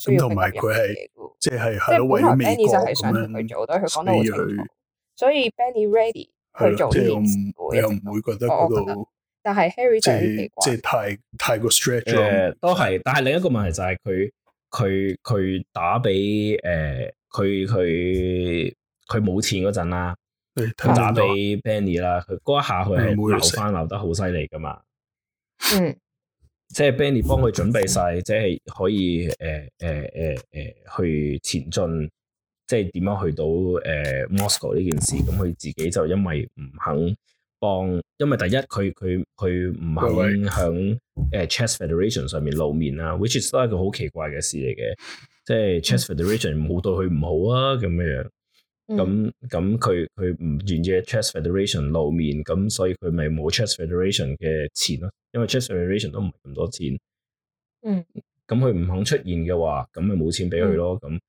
咁同埋佢係即係係咯，為咩講咧？所以 Benny ready。係啦，即我又唔，我又唔會覺得嗰度，哦，但係 Harry 即係太太過 stretch。誒、呃，都係，但係另一個問題就係佢，佢佢打俾誒，佢佢佢冇錢嗰陣啦，佢打俾 Benny 啦的，佢嗰一下佢係留翻留得好犀利噶嘛，嗯，即係 Benny 幫佢準備晒，即係、嗯、可以誒誒誒誒去前進。即係點樣去到誒、uh, Moscow 呢件事？咁、嗯、佢自己就因為唔肯幫，因為第一佢佢佢唔肯喺誒 Chess Federation 上面露面啦。Which is 都係一個好奇怪嘅事嚟嘅。即係 Chess Federation 冇對佢唔好啊，咁樣樣。咁咁佢佢唔願意喺 Chess Federation 露面，咁所以佢咪冇 Chess Federation 嘅錢咯。因為 Chess Federation 都唔係咁多錢。嗯。咁佢唔肯出現嘅話，咁咪冇錢畀佢咯。咁。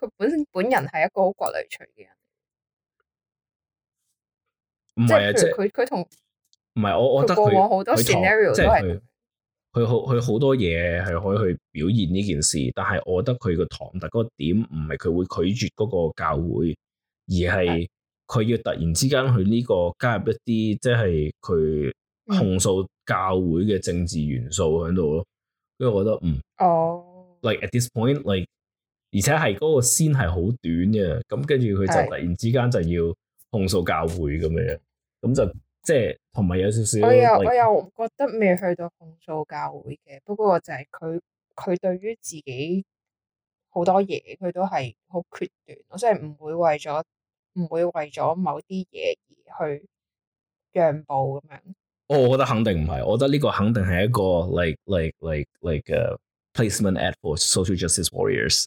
佢本身本人係一個好割離場嘅人，唔係啊！即係佢佢同唔係，我我覺得佢過往好多他 scenario，即係佢佢好佢好多嘢係可以去表現呢件事，但係我覺得佢個唐突嗰個點唔係佢會拒絕嗰個教會，而係佢要突然之間去呢個加入一啲即係佢控訴教會嘅政治元素喺度咯，因為、嗯、我覺得嗯哦、oh.，like at this point like。而且係嗰個 scene 係好短嘅，咁跟住佢就突然之間就要控訴教會咁樣，咁就即係同埋有少少。我又我覺得未去到控訴教會嘅，不過就係佢佢對於自己好多嘢，佢都係好決斷，我即係唔會為咗唔會為咗某啲嘢而去讓步咁樣。我我覺得肯定唔係，我覺得呢個肯定係一個 like like like, like a placement ad for social justice warriors。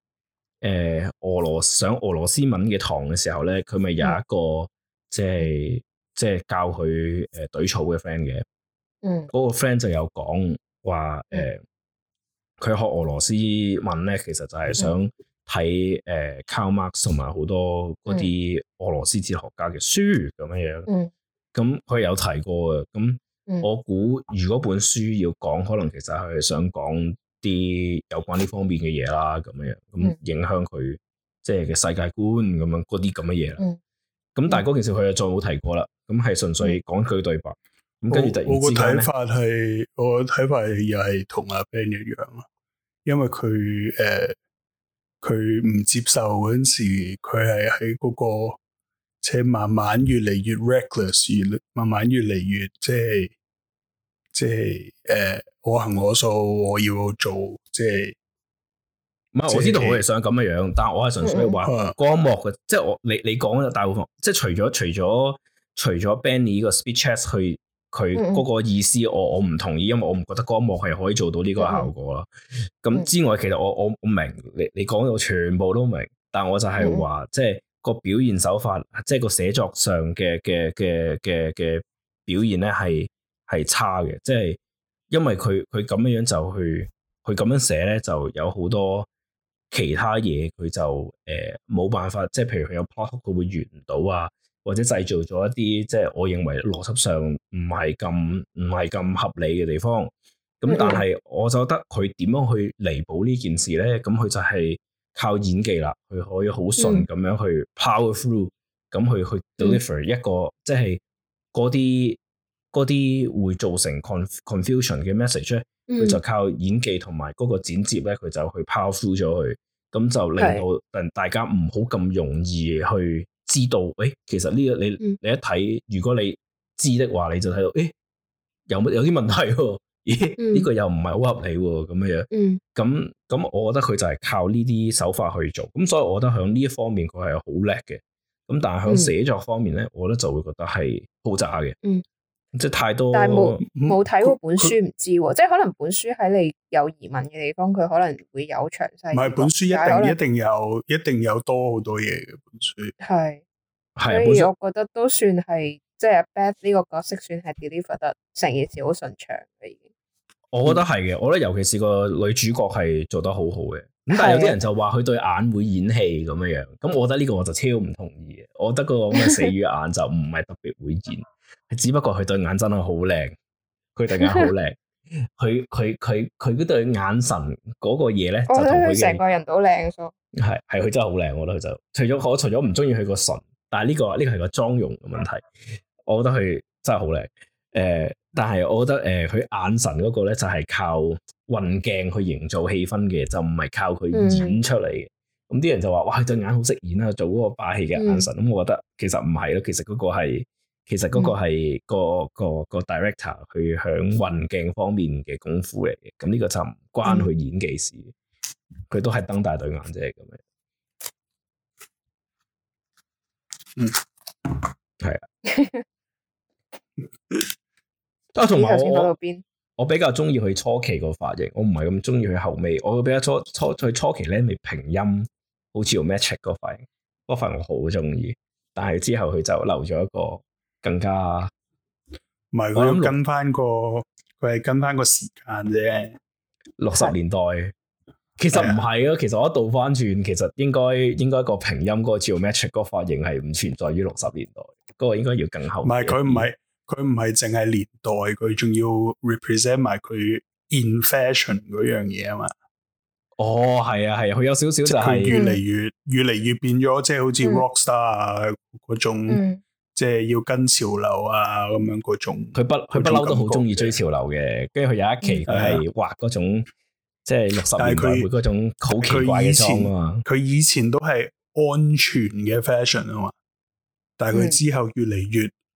誒、呃，俄羅上俄羅斯文嘅堂嘅時候咧，佢咪有一個即係即係教佢誒懟草嘅 friend 嘅，嗯，嗰、呃嗯嗰個 friend 就有講話，誒、呃，佢學俄羅斯文咧，其實就係想睇誒 Karl Marx 同埋好多嗰啲俄羅斯哲學家嘅書咁樣樣，嗯，咁佢有提過嘅，咁我估如果本書要講，可能其實佢係想講。啲有關呢方面嘅嘢啦，咁樣咁影響佢即係嘅世界觀咁樣嗰啲咁嘅嘢啦。咁但係嗰件事佢又再冇提過啦。咁係純粹講佢對白。咁跟住突然之間我個睇法係我個睇法又係同阿 Ben 一樣咯。因為佢誒，佢、呃、唔接受嗰陣時，佢係喺嗰個，且慢慢越嚟越 reckless，越慢慢越嚟越即係。即係誒、欸，我行我素，我要做即係。唔係、嗯，我知道佢係想咁嘅樣，但我係純粹話、嗯嗯、個幕嘅，即係我你你講嘅大部分，即係除咗除咗除咗 Benny 呢個 speech 去佢嗰個意思，嗯、我我唔同意，因為我唔覺得個幕係可以做到呢個效果咯。咁之外，其實我我我明你你講嘅我全部都明，但我就係話、嗯嗯嗯嗯嗯，即係個表現手法，即係個寫作上嘅嘅嘅嘅嘅表現咧係。係差嘅，即係因為佢佢咁樣樣就去佢咁樣寫咧，就有好多其他嘢佢就誒冇、呃、辦法，即係譬如佢有 plot 佢會完唔到啊，或者製造咗一啲即係我認為邏輯上唔係咁唔係咁合理嘅地方。咁但係我就覺得佢點樣去彌補呢件事咧？咁佢就係靠演技啦，佢可以好順咁樣去 power through，咁去、嗯、去 deliver 一個、嗯、即係嗰啲。嗰啲會造成 confusion 嘅 message，佢、嗯、就靠演技同埋嗰個剪接咧，佢就去 power through 咗佢，咁就令到大家唔好咁容易去知道，誒、欸，其實呢個你、嗯、你一睇，如果你知的話，你就睇到誒、欸，有冇有啲問題啊？咦、欸，呢、嗯、個又唔係好合理喎啊，咁樣，咁咁、嗯，我覺得佢就係靠呢啲手法去做，咁所以我覺得喺呢一方面佢係好叻嘅，咁但係喺寫作方面咧，嗯、我咧就會覺得係好渣嘅。嗯即係太多，但係冇冇睇過本書唔知喎，即係可能本書喺你有疑問嘅地方，佢可能會有詳細。唔係，本書一定一定有，一定有多好多嘢嘅本書。係係，所以我覺得都算係，即係阿 Beth 呢個角色算係 deliver 得成件事好順暢嘅。已經、嗯，我覺得係嘅，我覺得尤其是個女主角係做得好好嘅。咁但係有啲人就話佢對眼會演戲咁樣樣，咁的我覺得呢個我就超唔同意嘅。我覺得個咁嘅死魚眼就唔係特別會演，只不過佢對眼真係好靚，佢對眼好靚，佢佢佢佢對眼神嗰個嘢咧就同佢成個人都靚咗。係係佢真係好靚，我覺得佢就除咗我除咗唔中意佢個唇，但係呢個呢個係個妝容嘅問題，我覺得佢的真係好靚。誒、呃。但係我覺得誒，佢、呃、眼神嗰個咧就係靠運鏡去營造氣氛嘅，就唔、是、係靠佢演出嚟嘅。咁啲、嗯、人就話，哇，對眼好識演啦、啊，做嗰個霸氣嘅眼神。咁、嗯、我覺得其實唔係咯，其實嗰個係其實嗰個係個、嗯、個個，個 director 去響運鏡方面嘅功夫嚟嘅。咁呢個就唔關佢演技事，佢都係瞪大對眼啫咁樣。嗯，係。嗯了 啊，同埋我我比較中意佢初期個髮型，我唔係咁中意佢後尾。我比較初初佢初期咧，咪平音，好似用 match 個髮型，個髮型我好中意。但係之後佢就留咗一個更加唔係，是我諗跟翻個佢係跟翻個時間啫。六十年代的其實唔係啊。的其實我一倒翻轉，其實應該應該個平音嗰，那個似用 match 個髮型係唔存在於六十年代，嗰，那個應該要更後。唔係佢唔係。佢唔係淨係年代，佢仲要 represent 埋佢 in fashion 嗰樣嘢啊嘛。哦，係啊，係啊，佢有少少就係、是、越嚟越、嗯、越嚟越變咗，即係好似 rockstar 啊嗰、嗯、種，嗯、即係要跟潮流啊咁樣嗰種。佢不佢不嬲都好中意追潮流嘅，跟住佢有一期佢係畫嗰種，啊、即係六十年代嗰種好奇怪嘅裝啊嘛。佢以前都係安全嘅 fashion 啊嘛，但係佢之後越嚟越。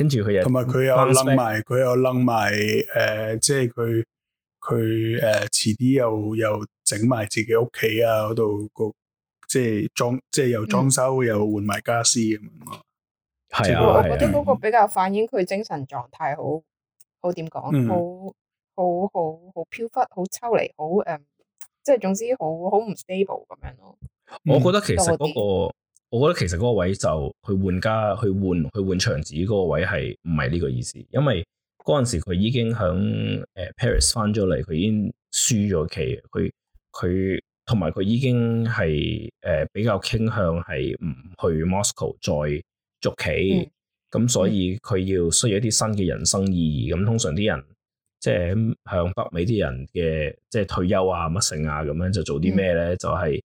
跟住佢又，同埋佢又冧埋，佢 又冧埋，誒、呃，即係佢佢誒，遲、呃、啲又又整埋自己屋企啊，嗰度個即係裝，即係又裝修又換埋家私咁啊。係、呃、啊，嗯、我覺得嗰個比較反映佢精神狀態，好、嗯嗯、好點講，好好好好飄忽，好抽離，好誒、嗯，即係總之好好唔 stable 咁樣咯。嗯、我覺得其實、嗰個。我覺得其實嗰個位就去換家，去換去換場子嗰個位係唔係呢個意思？因為嗰陣時佢已經響誒 Paris 翻咗嚟，佢已經輸咗期，佢佢同埋佢已經係誒比較傾向係唔去 Moscow 再續期，咁、嗯、所以佢要需要一啲新嘅人生意義。咁通常啲人即係向北美啲人嘅即係退休啊乜剩啊咁樣就做啲咩咧？嗯、就係、是。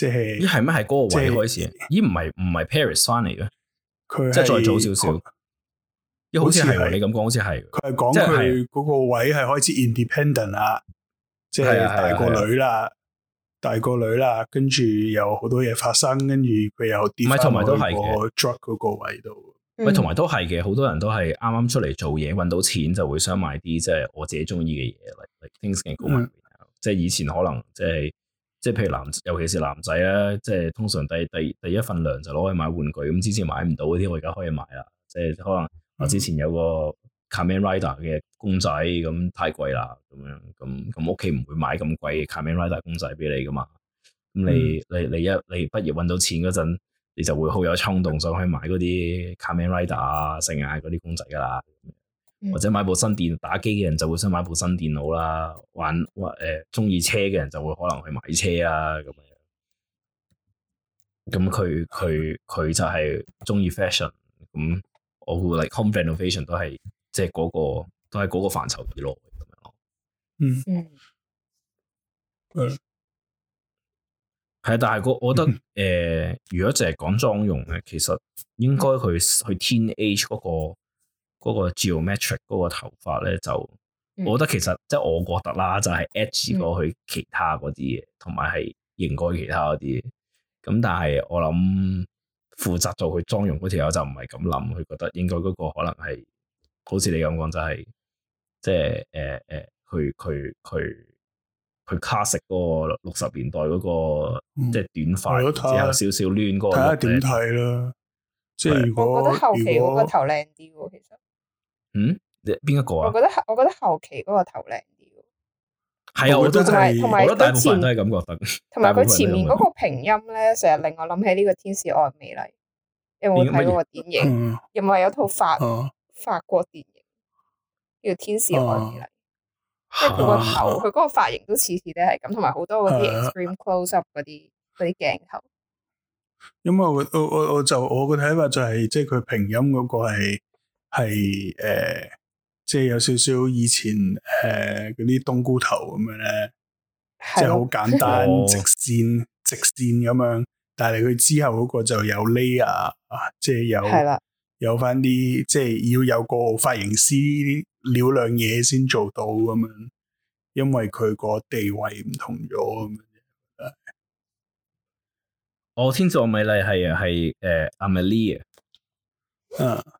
即係咦？係咩？係嗰個位開始？咦？唔係唔係 Paris 翻嚟嘅？佢即係再早少少。咦？好似係你咁講，好似係。佢係講佢嗰個位係開始 independent 啦，即係大個女啦，大個女啦，跟住有好多嘢發生，跟住佢又跌。唔係同埋都係嘅嗰個位度。唔係同埋都係嘅，好多人都係啱啱出嚟做嘢，搵到錢就會想買啲即係我自己中意嘅嘢嚟。like things 即係以前可能即係。即係譬如男，尤其是男仔咧，即係通常第第第一份糧就攞去買玩具。咁之前買唔到嗰啲，我而家可以買啦。即係可能我之前有個 Kamen Rider 嘅公仔，咁太貴啦，咁樣咁咁屋企唔會買咁貴嘅 Kamen Rider 公仔俾你噶嘛咁你、嗯、你你一你畢業搵到錢嗰陣，你就會好有衝動想去買嗰啲 Kamen Rider 啊，成啊，嗰啲公仔噶啦或者買部新電打機嘅人就會想買部新電腦啦，玩或誒鍾意車嘅人就會可能去買車啊咁樣。咁佢佢佢就係鍾意 fashion 咁，我會 like home renovation 都係即係嗰個都係嗰個範疇嘅咯。嗯，係啊 Yeah.、嗯，但係我我覺得誒、mm hmm. 呃，如果淨係講妝容嘅，其實應該去去 teenage 嗰、那個。嗰個 geometric 嗰個頭髮咧，就我覺得其實即係我覺得啦，就係、是、edge 過去其他嗰啲嘢，同埋係應該其他嗰啲嘢。咁但係我諗負責做佢妝容嗰條友就唔係咁諗，佢覺得應該嗰個可能係好似你咁講、就是，就係即係誒誒，佢佢佢佢 classic 嗰個六十年代嗰、那個、嗯、即係短髮，之後少少攣過，睇下點睇啦。即係對如果我覺得後期個頭靚啲其實。嗯，邊一個啊？我覺得我覺得後期嗰個頭靚啲，係啊，我都同埋同埋，我覺得大部分都係咁覺得。同埋佢前面嗰個平音呢，成日令我諗起呢個天使愛美麗。有冇睇過個電影？有冇有套法法國電影叫《天使愛美麗》，即係佢個頭，佢嗰個髮型都似似哋係咁。同埋好多嗰啲 extreme close up 嗰啲嗰啲鏡頭。因為我我我就我個睇法就係，即係佢平音嗰個係。係誒、呃，即係有少少以前誒嗰啲冬菇頭咁樣咧，的即係好簡單、哦、直線直線咁樣。但係佢之後嗰個就有 layer，啊，即係有的有翻啲即係要有個髮型師料量嘢先做到咁樣，因為佢個地位唔同咗咁樣。我天作美麗係係誒阿美利啊。嗯。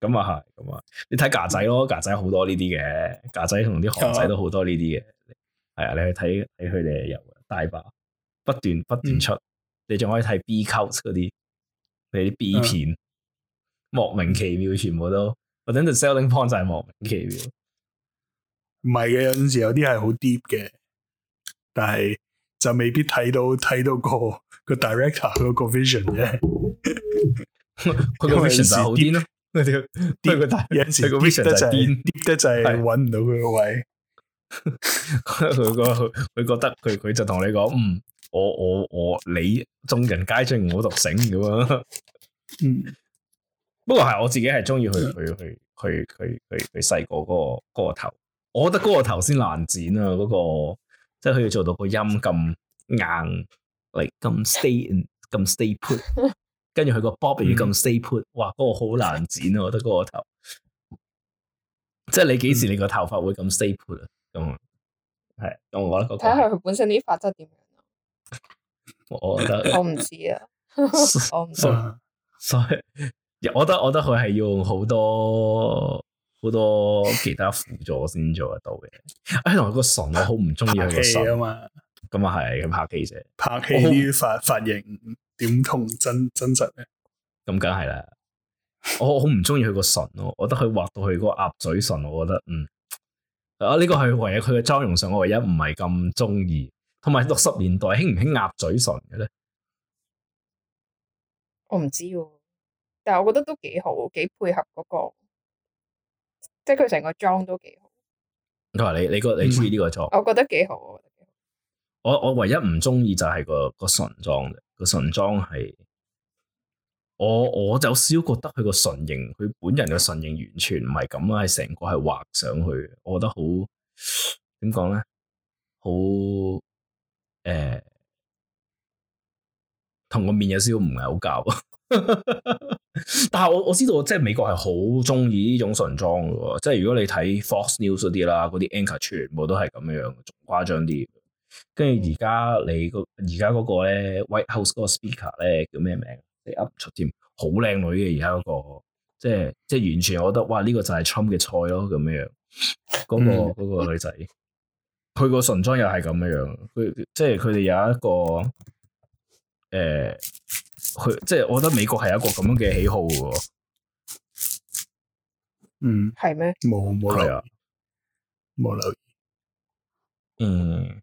咁啊係，咁啊，你睇格仔咯，格仔好多呢啲嘅，格仔同啲韓仔都好多呢啲嘅，係啊，你去睇睇佢哋有大把不斷不斷,不斷出，嗯、你仲可以睇 B cut 嗰啲，你啲 B 片、啊、莫名其妙全部都，或者就 selling point 就係莫名其妙，唔係嘅有陣時有啲係好 deep 嘅，但係就未必睇到睇到個個 director 佢個 vision 啫，佢個 vision 就好啲咯。佢哋個大影子，佢個 vision 就癲，的跌得就係搵唔到佢個位。佢個佢覺得佢佢 就同你講，嗯，我我我你眾人皆醉我獨醒咁啊。 嗯， 不過係我自己係中意佢佢佢佢佢佢佢細個嗰個嗰個頭，我覺得嗰個頭先難剪啊，嗰、嗰個即係佢要做到個音咁硬，嚟咁 stay 咁 stay put。跟住佢個 Bob 已經咁 say put，哇！嗰、嗰個好難剪啊，我覺得嗰個頭。即係你幾時你個頭髮會咁 say put 啊？咁係，我覺得嗰個。睇下佢本身啲髮質點樣。我覺得，我唔知啊，我唔知。所以我覺得我覺得佢係要用好多好多其他輔助先做得到嘅。哎，同個唇我好唔中意佢嘅唇啊嘛。咁啊係，拍戲啫。拍戲啲髮髮型。點同真真實咧？咁梗係啦！我好唔中意佢個唇咯，我覺得佢畫到佢個鴨嘴唇，我覺得嗯，啊、這、呢個係唯一佢嘅妝容上，我唯一唔係咁中意。同埋六十年代興唔興鴨嘴唇嘅咧？我唔知，但係我覺得都幾好，幾配合嗰個，即係佢成個妝都幾好。佢話，你你覺，你中意呢個妝？我覺得幾好。我我唯一唔中意就係個個唇妝。個唇妝係，我我就少覺得佢個唇形，佢本人嘅唇形完全唔係咁啊，係成個係畫上去嘅，我覺得好點講咧，好誒、呃，同個面有少少唔係好夾。 但係我我知道，即係美國係好中意呢種唇妝嘅。即係如果你睇 Fox News 嗰啲啦，嗰啲 anchor 全部都係咁樣仲誇張啲。跟住而家你個而家嗰個咧 White House 嗰個 speaker 咧叫咩名？你噏出添好靚女嘅而家嗰個，即係即係完全我覺得，哇呢、這個就係 Trump 嘅菜咯咁樣。嗰、那個、嗯、個女仔，佢個唇妝又係咁樣樣，佢即係佢哋有一個，誒、呃，佢即係我覺得美國係有一個咁樣嘅喜好嘅。嗯，係咩嗎？冇冇留意，冇留意。嗯。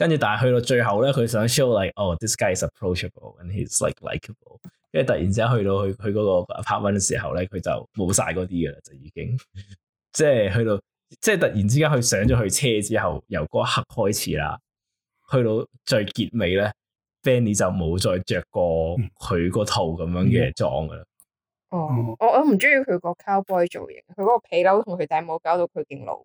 跟住，但係去到最後咧，佢想 show like，哦，this guy is approachable，and he's like likable。跟住突然之間去到佢去嗰個 apartment 嘅時候咧，佢就冇晒嗰啲噶啦，就已經即係去到，即係突然之間佢上咗去車之後，由嗰一刻開始啦，去到最結尾咧 Benny 就冇再着過佢個套咁樣嘅裝噶啦。哦，我我唔中意佢個 cowboy 造型，佢嗰個皮褸同佢戴帽搞到佢勁老。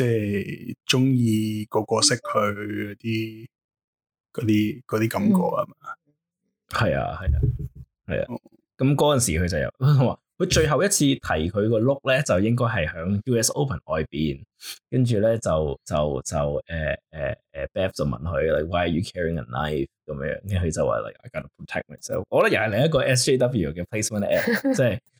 即係中意個個識佢嗰啲嗰啲啲感覺啊嘛，係啊係啊係啊，咁嗰陣時佢就有話佢最後一次提佢個碌咧，就應該係響 US Open 外邊，跟住咧就就就誒誒誒 Bev 就問佢 like why are you carrying a knife 咁樣，跟住佢就話 like I gotta protect myself 我覺得又係另一個 SJW 嘅 placement app 嘅。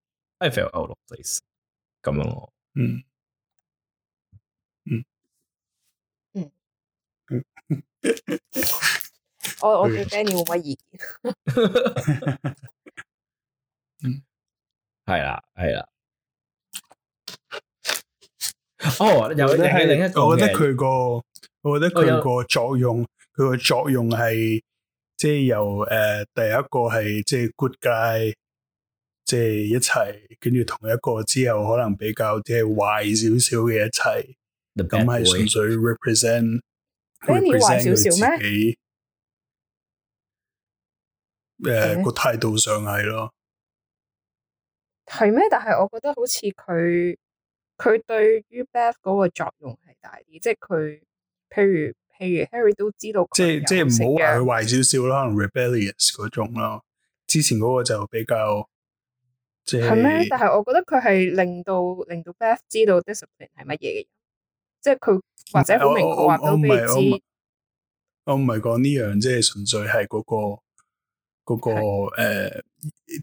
I feel out of place，咁樣咯。嗯嗯嗯嗯。我我對 Fanny 冇乜意見。嗯，係啦係啦。哦，又係另一個。我覺得佢個，我覺得佢個作用，佢個作用係，即係由誒，第一個係即係 good guy。即係一齊，跟住同一個之後，可能比較即係壞少少嘅一齊，咁係純粹 represent，represent 壞少少咩？誒，呃，個態度上係咯，係咩？但係我覺得好似佢佢對於 bad 嗰個作用係大啲，即係佢譬如譬如 Harry 都知道即，即係即係唔好話佢壞少少咯，可能 rebellious 嗰種咯。之前嗰個就比較。係咩，就是？但係我覺得佢係令到令到 Beth 知道 discipline 係乜嘢嘅，即係佢或者好明好話都未知。我唔係講呢樣，即係純粹係嗰個嗰個誒，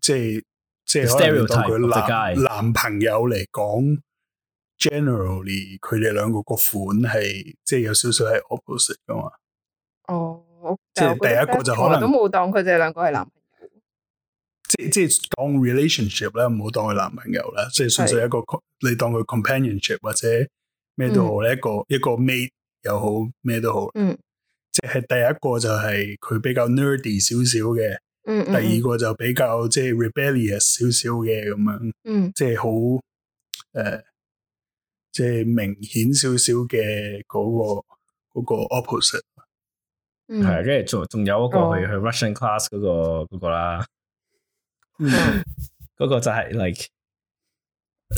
即係即係可能當佢男的男朋友嚟講。的 Generally，佢哋兩個個款係即係有少少係 opposite 噶嘛。哦，即係第一個就可能都冇當佢哋兩個係男。即即係當 relationship 咧，唔好當佢男朋友咧，即係純粹一個是你當佢 companionship 或者咩都好咧，嗯，一個一個 mate 又好咩都好。嗯，即係第一個就係佢比較 nerdy 少少嘅，嗯，嗯第二個就比較即係 rebellious 少少嘅咁樣，嗯，即係好誒，uh，即係明顯少少嘅嗰個，嗰個 opposite。嗯，係跟住仲仲有一個去去 Russian class，嗰個，嗰個啦。嗰、mm hmm. 個就係 like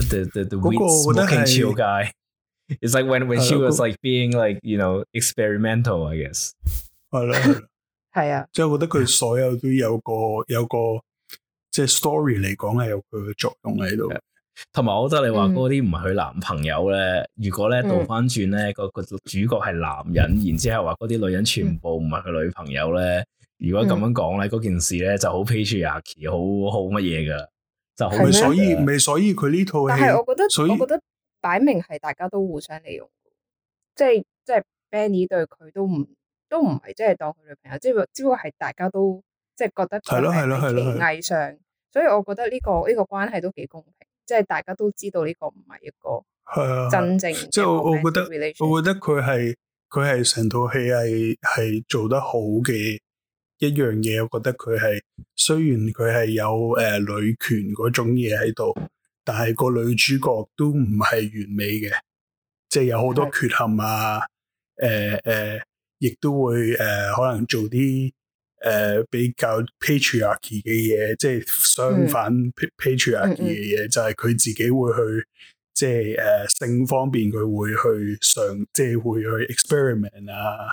the the the weak chill guy. It's like when when she was like being like you know experimental I guess。係啊，即係我覺得佢所有都有個有個即係 story 嚟講咧，有佢嘅作用喺度。同埋，我覺得你話嗰啲唔係佢男朋友咧，mm hmm. 如果咧倒翻轉咧，個主角係男人，mm hmm. 然之後話嗰啲女人全部唔係佢女朋友咧。如果咁樣講咧，嗰、嗯、件事咧就好 patriarchy，好好乜嘢噶，就好。就是是所以咪所以佢呢套但係我覺得，所以我覺得擺明係大家都互相利用，即、就、係、是、即係、就是、Benny 對佢都唔都唔係即係當佢女朋友，即、就、係、是、只不過係大家都即係、就是、覺得係咯係咯係咯，藝術。所以我覺得呢、這個呢、這個關係都幾公平，即、就、係、是、大家都知道呢個唔係一個係啊真正。即係我我覺得 relation 我覺得佢係佢係成套戲係係做得好嘅。一樣嘢，我覺得佢係雖然佢係有誒、呃、女權嗰種嘢喺度，但係個女主角都唔係完美嘅，即係有好多缺陷啊！誒、呃、誒，亦、呃、都會誒、呃、可能做啲誒、呃、比較 patriarchy 嘅嘢，即係相反 patriarchy 嘅嘢，嗯、就係佢自己會去即係誒、呃、性方面佢會去嘗，即係會去 experiment 啊。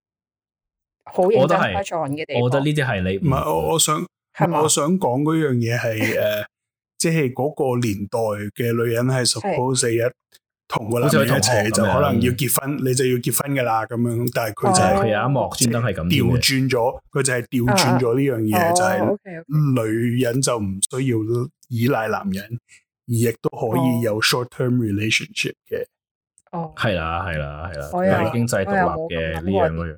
好嘢！我覺得呢啲係你，唔係我我想我想講嗰樣嘢係誒，即係嗰個年代嘅女人係 suppose 係一同個男仔一齊，就可能要結婚，你就要結婚㗎喇咁樣。但係佢就係佢有一幕專登係咁調轉咗，佢就係調轉咗呢樣嘢，就係女人就唔需要依賴男人，而亦都可以有 short-term relationship 嘅。哦，係啦，係啦，係啦，又經濟獨立嘅呢樣嘢。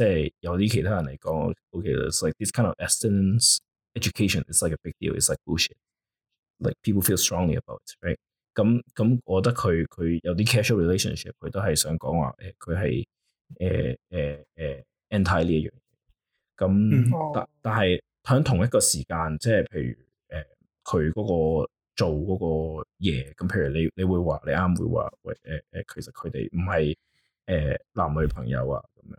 即係有啲其他人嚟講，OK，呢啲、like kind of like like like right? 呢啲咁嘅 Estherance 教育，呢啲係一個大嘢，係一個大嘢。咁咁，我覺得佢佢有啲 casual relationship，佢都係想講話誒，佢係誒誒誒 anti 一樣嘢。咁、呃呃呃這個、但、mm hmm. 但係喺同一個時間，即係譬如誒，佢、呃、嗰個做嗰個嘢，咁譬如你你會話，你啱會話，喂誒誒、呃呃，其實佢哋唔係誒男女朋友啊咁樣。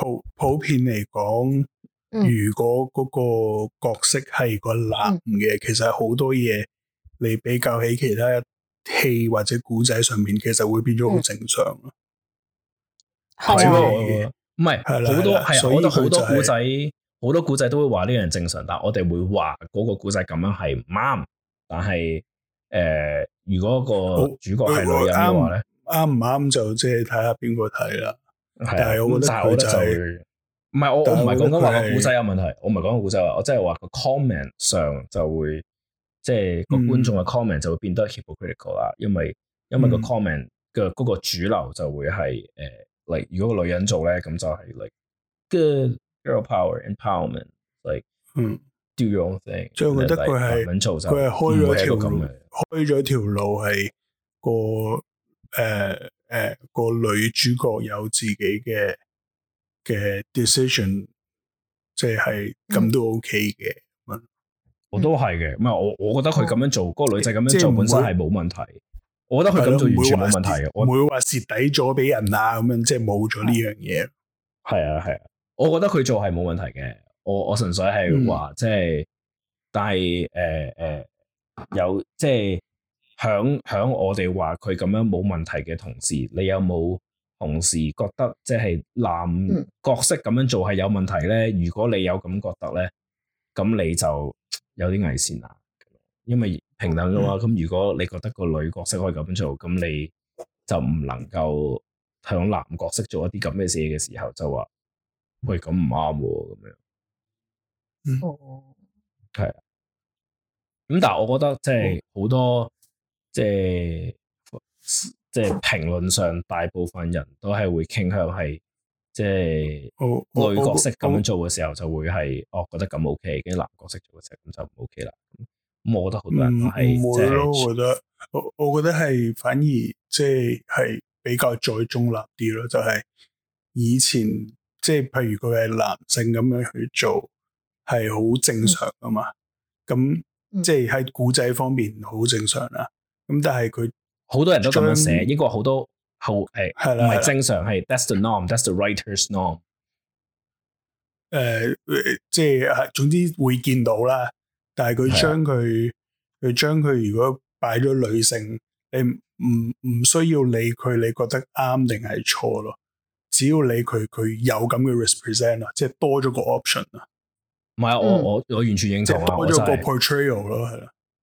普普遍嚟講，如果嗰個角色係個男嘅，其實好多嘢你比較喺其他戲或者古仔上面，其實會變咗好正常咯。係咯、嗯，唔係好多，的的所以好、我覺得、多古仔，好多古仔都會話呢樣正常，但係我哋會話嗰個古仔咁樣係唔啱。但係誒、呃，如果個主角係女人嘅話咧，啱唔啱就即係睇下邊個睇啦。係我古仔就唔係，我唔係講緊話個古仔有問題，我唔係講個古仔話，我即係話個 comment 上就會，即係個觀眾嘅 comment 就會變得 critical 啦，因為因為個 comment 嘅嗰個主流就會係誒，例如如果個女人做咧，咁就係 like good girl power empowerment，like do your own thing，即係我覺得佢係佢係開咗條路，開咗條路係個誒。誒，呃、個女主角有自己嘅嘅 decision，即係咁都 OK 嘅。我都係嘅，唔係我我覺得佢咁樣做，呃、個女仔咁樣做本身係冇問題。呃就是、我覺得佢咁做完全冇問題嘅，呃、我唔會話蝕底咗俾人啊，咁樣即係冇咗呢樣嘢。係啊係啊，啊，我覺得佢做係冇問題嘅。我我純粹係話即係，但係誒誒，有即係。呃呃呃響響我哋話佢咁樣冇問題嘅同時，你有冇同時覺得即係男角色咁樣做係有問題咧？嗯、如果你有咁覺得咧，咁你就有啲偽善啊！因為平等嘅話。咁、嗯、如果你覺得個女角色可以咁樣做，咁你就唔能夠響男角色做一啲咁嘅事嘅時候就話喂，咁唔啱喎咁樣。嗯，哦，係。咁但係我覺得即係好多。即係即係評論上，大部分人都係會傾向係即係、oh, oh, 女角色咁樣做嘅時候，就會係、oh, 哦覺得咁 OK，跟男角色做嘅時候咁就唔 OK 啦。咁我覺得好多人唔會咯，我覺得我我覺得係反而即係係比較再中立啲咯，就係、係、以前即係、就係、譬如佢係男性咁樣去做，係好正常噶嘛。咁即係喺古仔方面好正常啦。咁但係佢好多人都咁樣寫，應該好多好，誒唔係正常係。的的 That's the norm. That's the writer's norm。誒、呃呃，即係啊，總之會見到啦。但係佢將佢佢將佢如果擺咗女性，你唔唔需要理佢，你覺得啱定係錯咯？只要你佢佢有咁嘅 represent 啊，即係多咗個 option 啊。唔係啊，我我我完全認同啊。我做個 portrayal 咯，係啦。嗯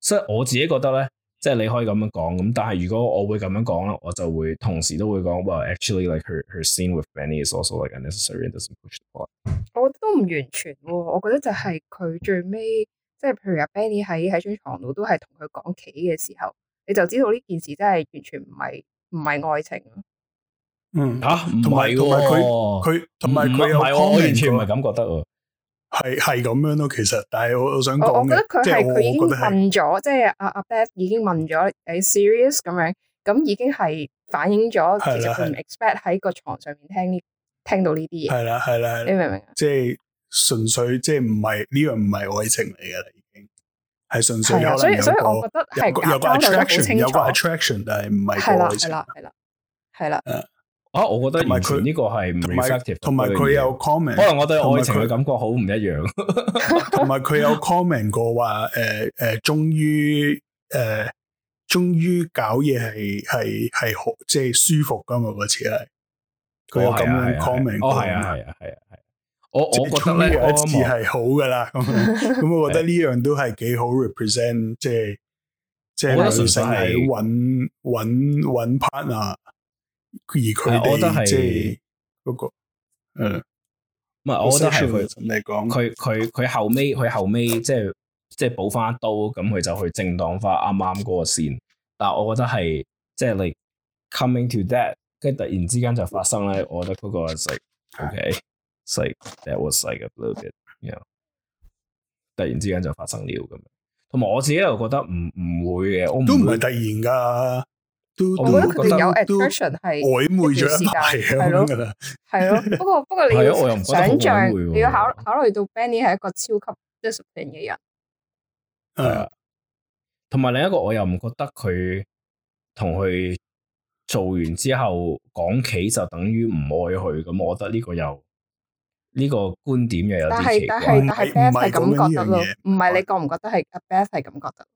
所以我自己覺得咧，即係你可以咁樣講，咁但係如果我會咁樣講咧，我就會同時都會講，哇、well,，actually like her her scene with Benny is also like unnecessary and doesn't push the plot。我都唔完全、哦，我覺得就係佢最尾，即係譬如阿 Benny 喺喺張床度都係同佢講企嘅時候，你就知道呢件事真係完全唔係唔係愛情咯。嗯吓，唔、啊、係，同埋佢佢同埋佢啊，我完全唔係咁覺得啊。係係咁樣咯，其實，但係我我想講嘅，我我覺得即係佢已經問咗，即係阿阿、啊啊、Beth 已經問咗誒 serious 咁樣，咁已經係反映咗的其實佢唔 expect 喺個床上面聽呢，聽到呢啲嘢。係啦係啦，你明唔明啊？即係純粹，即係唔係呢樣唔係愛情嚟㗎啦，已經係純粹有，有。所以，所以我覺得係講到好清楚有個 attraction，有個，個 attraction，att 但係唔係係啦係啦係啦，係啦。的啊！我覺得以佢呢個係唔 r 同埋佢有 comment，可能我對愛情嘅感覺好唔一樣。同埋佢有 comment 過話，誒誒，終於誒，終於搞嘢係係係好，即係舒服噶嘛嗰次係，佢有咁樣 comment 過。係啊係啊係啊係，我我覺得呢一次係好噶啦。咁咁，我覺得呢樣都係幾好 represent，即係即係，我哋成日揾揾揾 partner。佢而佢我覺得係即係嗰個，嗯，唔係，我覺得係佢你講，佢佢佢後屘，佢後屘即係即係補翻刀，咁佢就去正當化啱啱嗰個線。但係我覺得係即係你 coming to that，跟住突然之間就發生咧。我覺得嗰個係 like okay，係 that was like a little bit，you know, 突然之間就發生了咁，同埋我自己又覺得唔唔會嘅，我唔會都唔係突然噶。都我覺得佢哋有 attraction 係都曖昧咗一段時間，係咯，係 咯。不過不過你想象你要考考慮到 Benny 係一個超級 dependent 嘅人，嗯。同埋另一個，我又唔覺得佢同佢做完之後，講起就等於唔愛佢。咁、嗯、我覺得呢個又呢、這個觀點又有啲奇怪。但係但係唔係咁覺得咯，唔係你覺唔覺得係？阿 Beth 係咁覺得，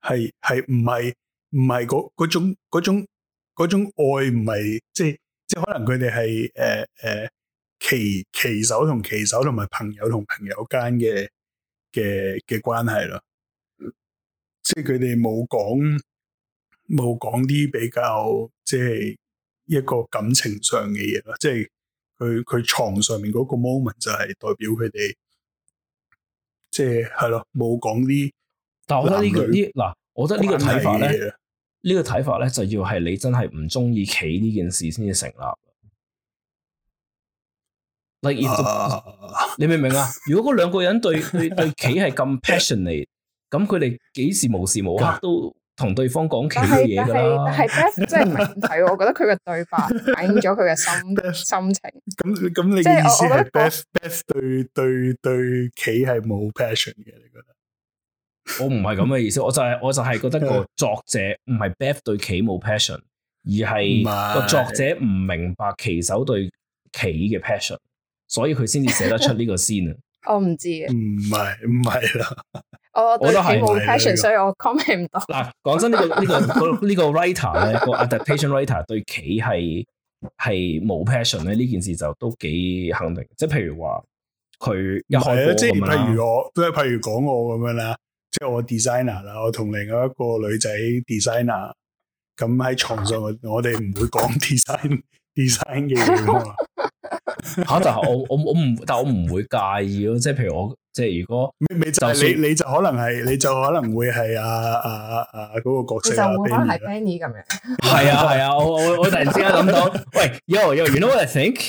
係係唔係？是唔係嗰嗰種嗰種嗰種愛，唔係即係即係可能佢哋係誒誒棋棋手同棋手同埋朋友同朋友間嘅嘅嘅關係咯。即係佢哋冇講冇講啲比較即係一個感情上嘅嘢咯。即係佢佢牀上面嗰個 moment 就係代表佢哋，即係係咯冇講啲。但我覺得呢個啲嗱，我覺得個呢個睇法咧。個呢個睇法咧，就是，要係你真係唔中意企呢件事先至成立。Like the, uh, 你明唔明啊？如果嗰兩個人對對對企係咁 passionate 咁，佢哋幾時無時無刻都同對方講企嘅嘢噶啦。係咩，就是？即係唔好睇。我覺得佢嘅對白反映咗佢嘅心 Be f. 心情。咁咁，你即係我我覺得 best best 對對對企係冇 passion 嘅，你覺得？ 我唔係咁嘅意思，我就係、是、我就係覺得個作者唔係 Beth 對棋冇 passion，而係個作者唔明白棋手對棋嘅 passion，所以佢先至寫得出呢個 scene。 我唔知嘅，唔係唔係啦， 我對棋冇 passion， 所以我 comment 唔到。嗱 ，講真呢個呢、呢個呢、呢個 writer 咧， 個 adaptation writer 對棋係係冇 passion 咧，pass 呢件事就都幾肯定。即係譬如話佢，係即係譬如我，即係譬如講我咁樣啦。即係我 designer 啦，我同另外一個女仔 designer，咁喺床上我我哋唔會講 design design 嘅嘢。吓，但係我我我唔，但係我唔會介意咯。即係譬如我，即係如果，你就你就可能係，你就可能會係啊啊啊嗰個角色，你就可能會係 Benny 咁樣。係啊係啊，我我我突然之間諗到，喂，Yo Yo，You know what I think？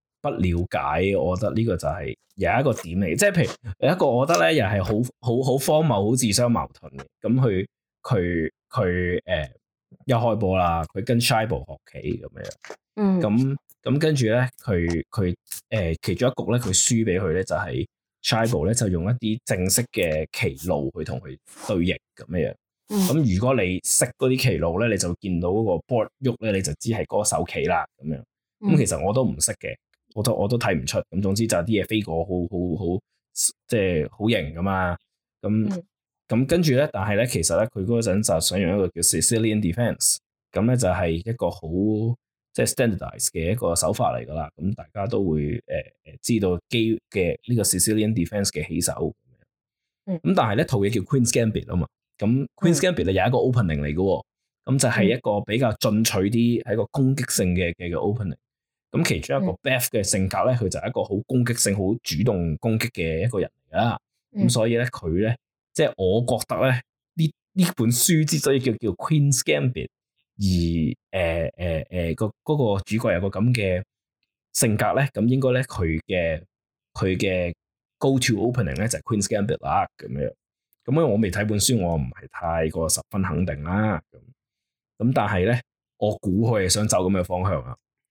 不了解，我覺得呢個就係有一個點嚟，即係譬如有一個我覺得咧，又係好好好荒謬、好自相矛盾嘅。咁佢佢佢誒一開播啦，佢跟 Shibor 學棋咁樣，嗯，咁咁跟住咧，佢佢誒其中一局咧，佢輸俾佢咧，就係 Shibor 咧就用一啲正式嘅棋路去同佢對弈咁樣。嗯，咁如果你識嗰啲棋路咧，你就見到嗰個 board 喐咧，你就知係高手棋啦咁樣。咁其實我都唔識嘅。我都我都睇唔出，咁總之就啲嘢飛過，好好好，即係好型噶嘛。咁、嗯、咁、嗯、跟住咧，但係咧，其實咧，佢嗰陣就想用一個叫 Sicilian Defense，咁、嗯、咧就係、是、一個好即係 standardize 嘅一個手法嚟噶啦。咁、嗯、大家都會誒誒、呃、知道基嘅呢、這個 Sicilian Defense 嘅起手。咁、嗯嗯嗯、但係咧，套嘢叫 Queen's Gambit 啊、嗯、嘛。咁、嗯、Queen's Gambit 咧有一個 opening 嚟嘅，咁、嗯嗯、就係一個比較進取啲，係一個攻擊性嘅嘅嘅 opening。咁其中一個 Beth 嘅性格咧，佢就係一個好攻擊性、好主動攻擊嘅一個人嚟㗎啦。咁所以咧，佢咧，即係我覺得咧，呢呢本書之所以叫叫 Queen's Gambit，而誒誒誒個嗰個主角有個咁嘅性格咧，咁應該咧佢嘅佢嘅 Go to Opening 咧就係、Queen's Gambit 啦咁樣。咁因為我未睇本書，我唔係太過、那個、十分肯定啦。咁但係咧，我估佢係想走咁嘅方向啊。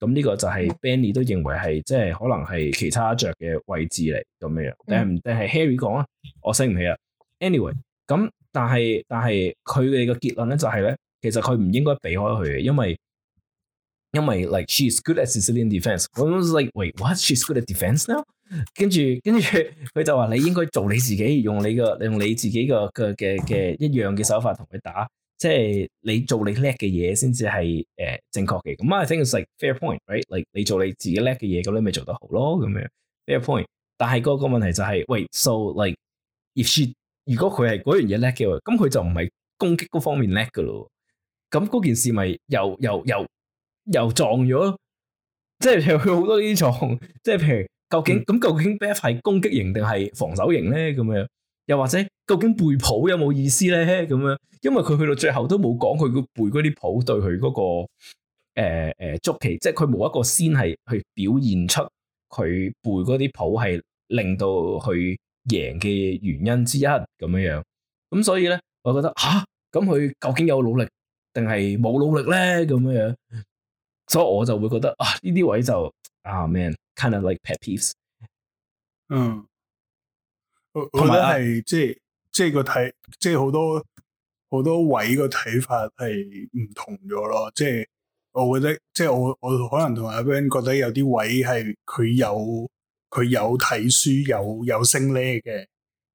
咁呢個就係 Benny 都認為係即係可能係其他着嘅位置嚟，咁樣，但係但係 Harry 講啊，我信唔起啊。Anyway，咁但係但係佢哋嘅結論咧就係咧，其實佢唔應該避開佢嘅，因為因為 like she's good at civilian defense 我諗 like wait what she's good at defense now？跟住跟住佢就話你應該做你自己，用你個用你自己個嘅嘅嘅一樣嘅手法同佢打。即係你做你叻嘅嘢先至係誒正確嘅，咁啊，I think it's like fair point，right？like 你做你自己叻嘅嘢，咁你咪做得好咯，咁樣 fair point。但係個個問題就係，喂，so like if she 如果佢係嗰樣嘢叻嘅，咁佢就唔係攻擊嗰方面叻嘅咯。咁嗰件事咪又又又又撞咗，即係又好多呢啲撞。即係譬如，究竟咁究竟 Bath 係攻擊型定係防守型咧？咁樣。又或者，究竟背譜有冇意思咧？咁樣，因為佢去到最後都冇講佢背嗰啲譜對佢嗰、那個誒誒，捉、呃呃、棋，即係佢冇一個先係去表現出佢背嗰啲譜係令到佢贏嘅原因之一咁樣樣。咁所以咧，我覺得吓，咁、啊、佢究竟有努力定係冇努力咧？咁樣樣，所以我就會覺得啊，呢啲位就啊 man，kind of like pet peeves，嗯。我覺得係、啊、即係即係個睇即係好多好多位個睇法係唔同咗咯，即係我覺得即係我我可能同阿 Ben 覺得有啲位係佢有佢有睇書有有升呢嘅，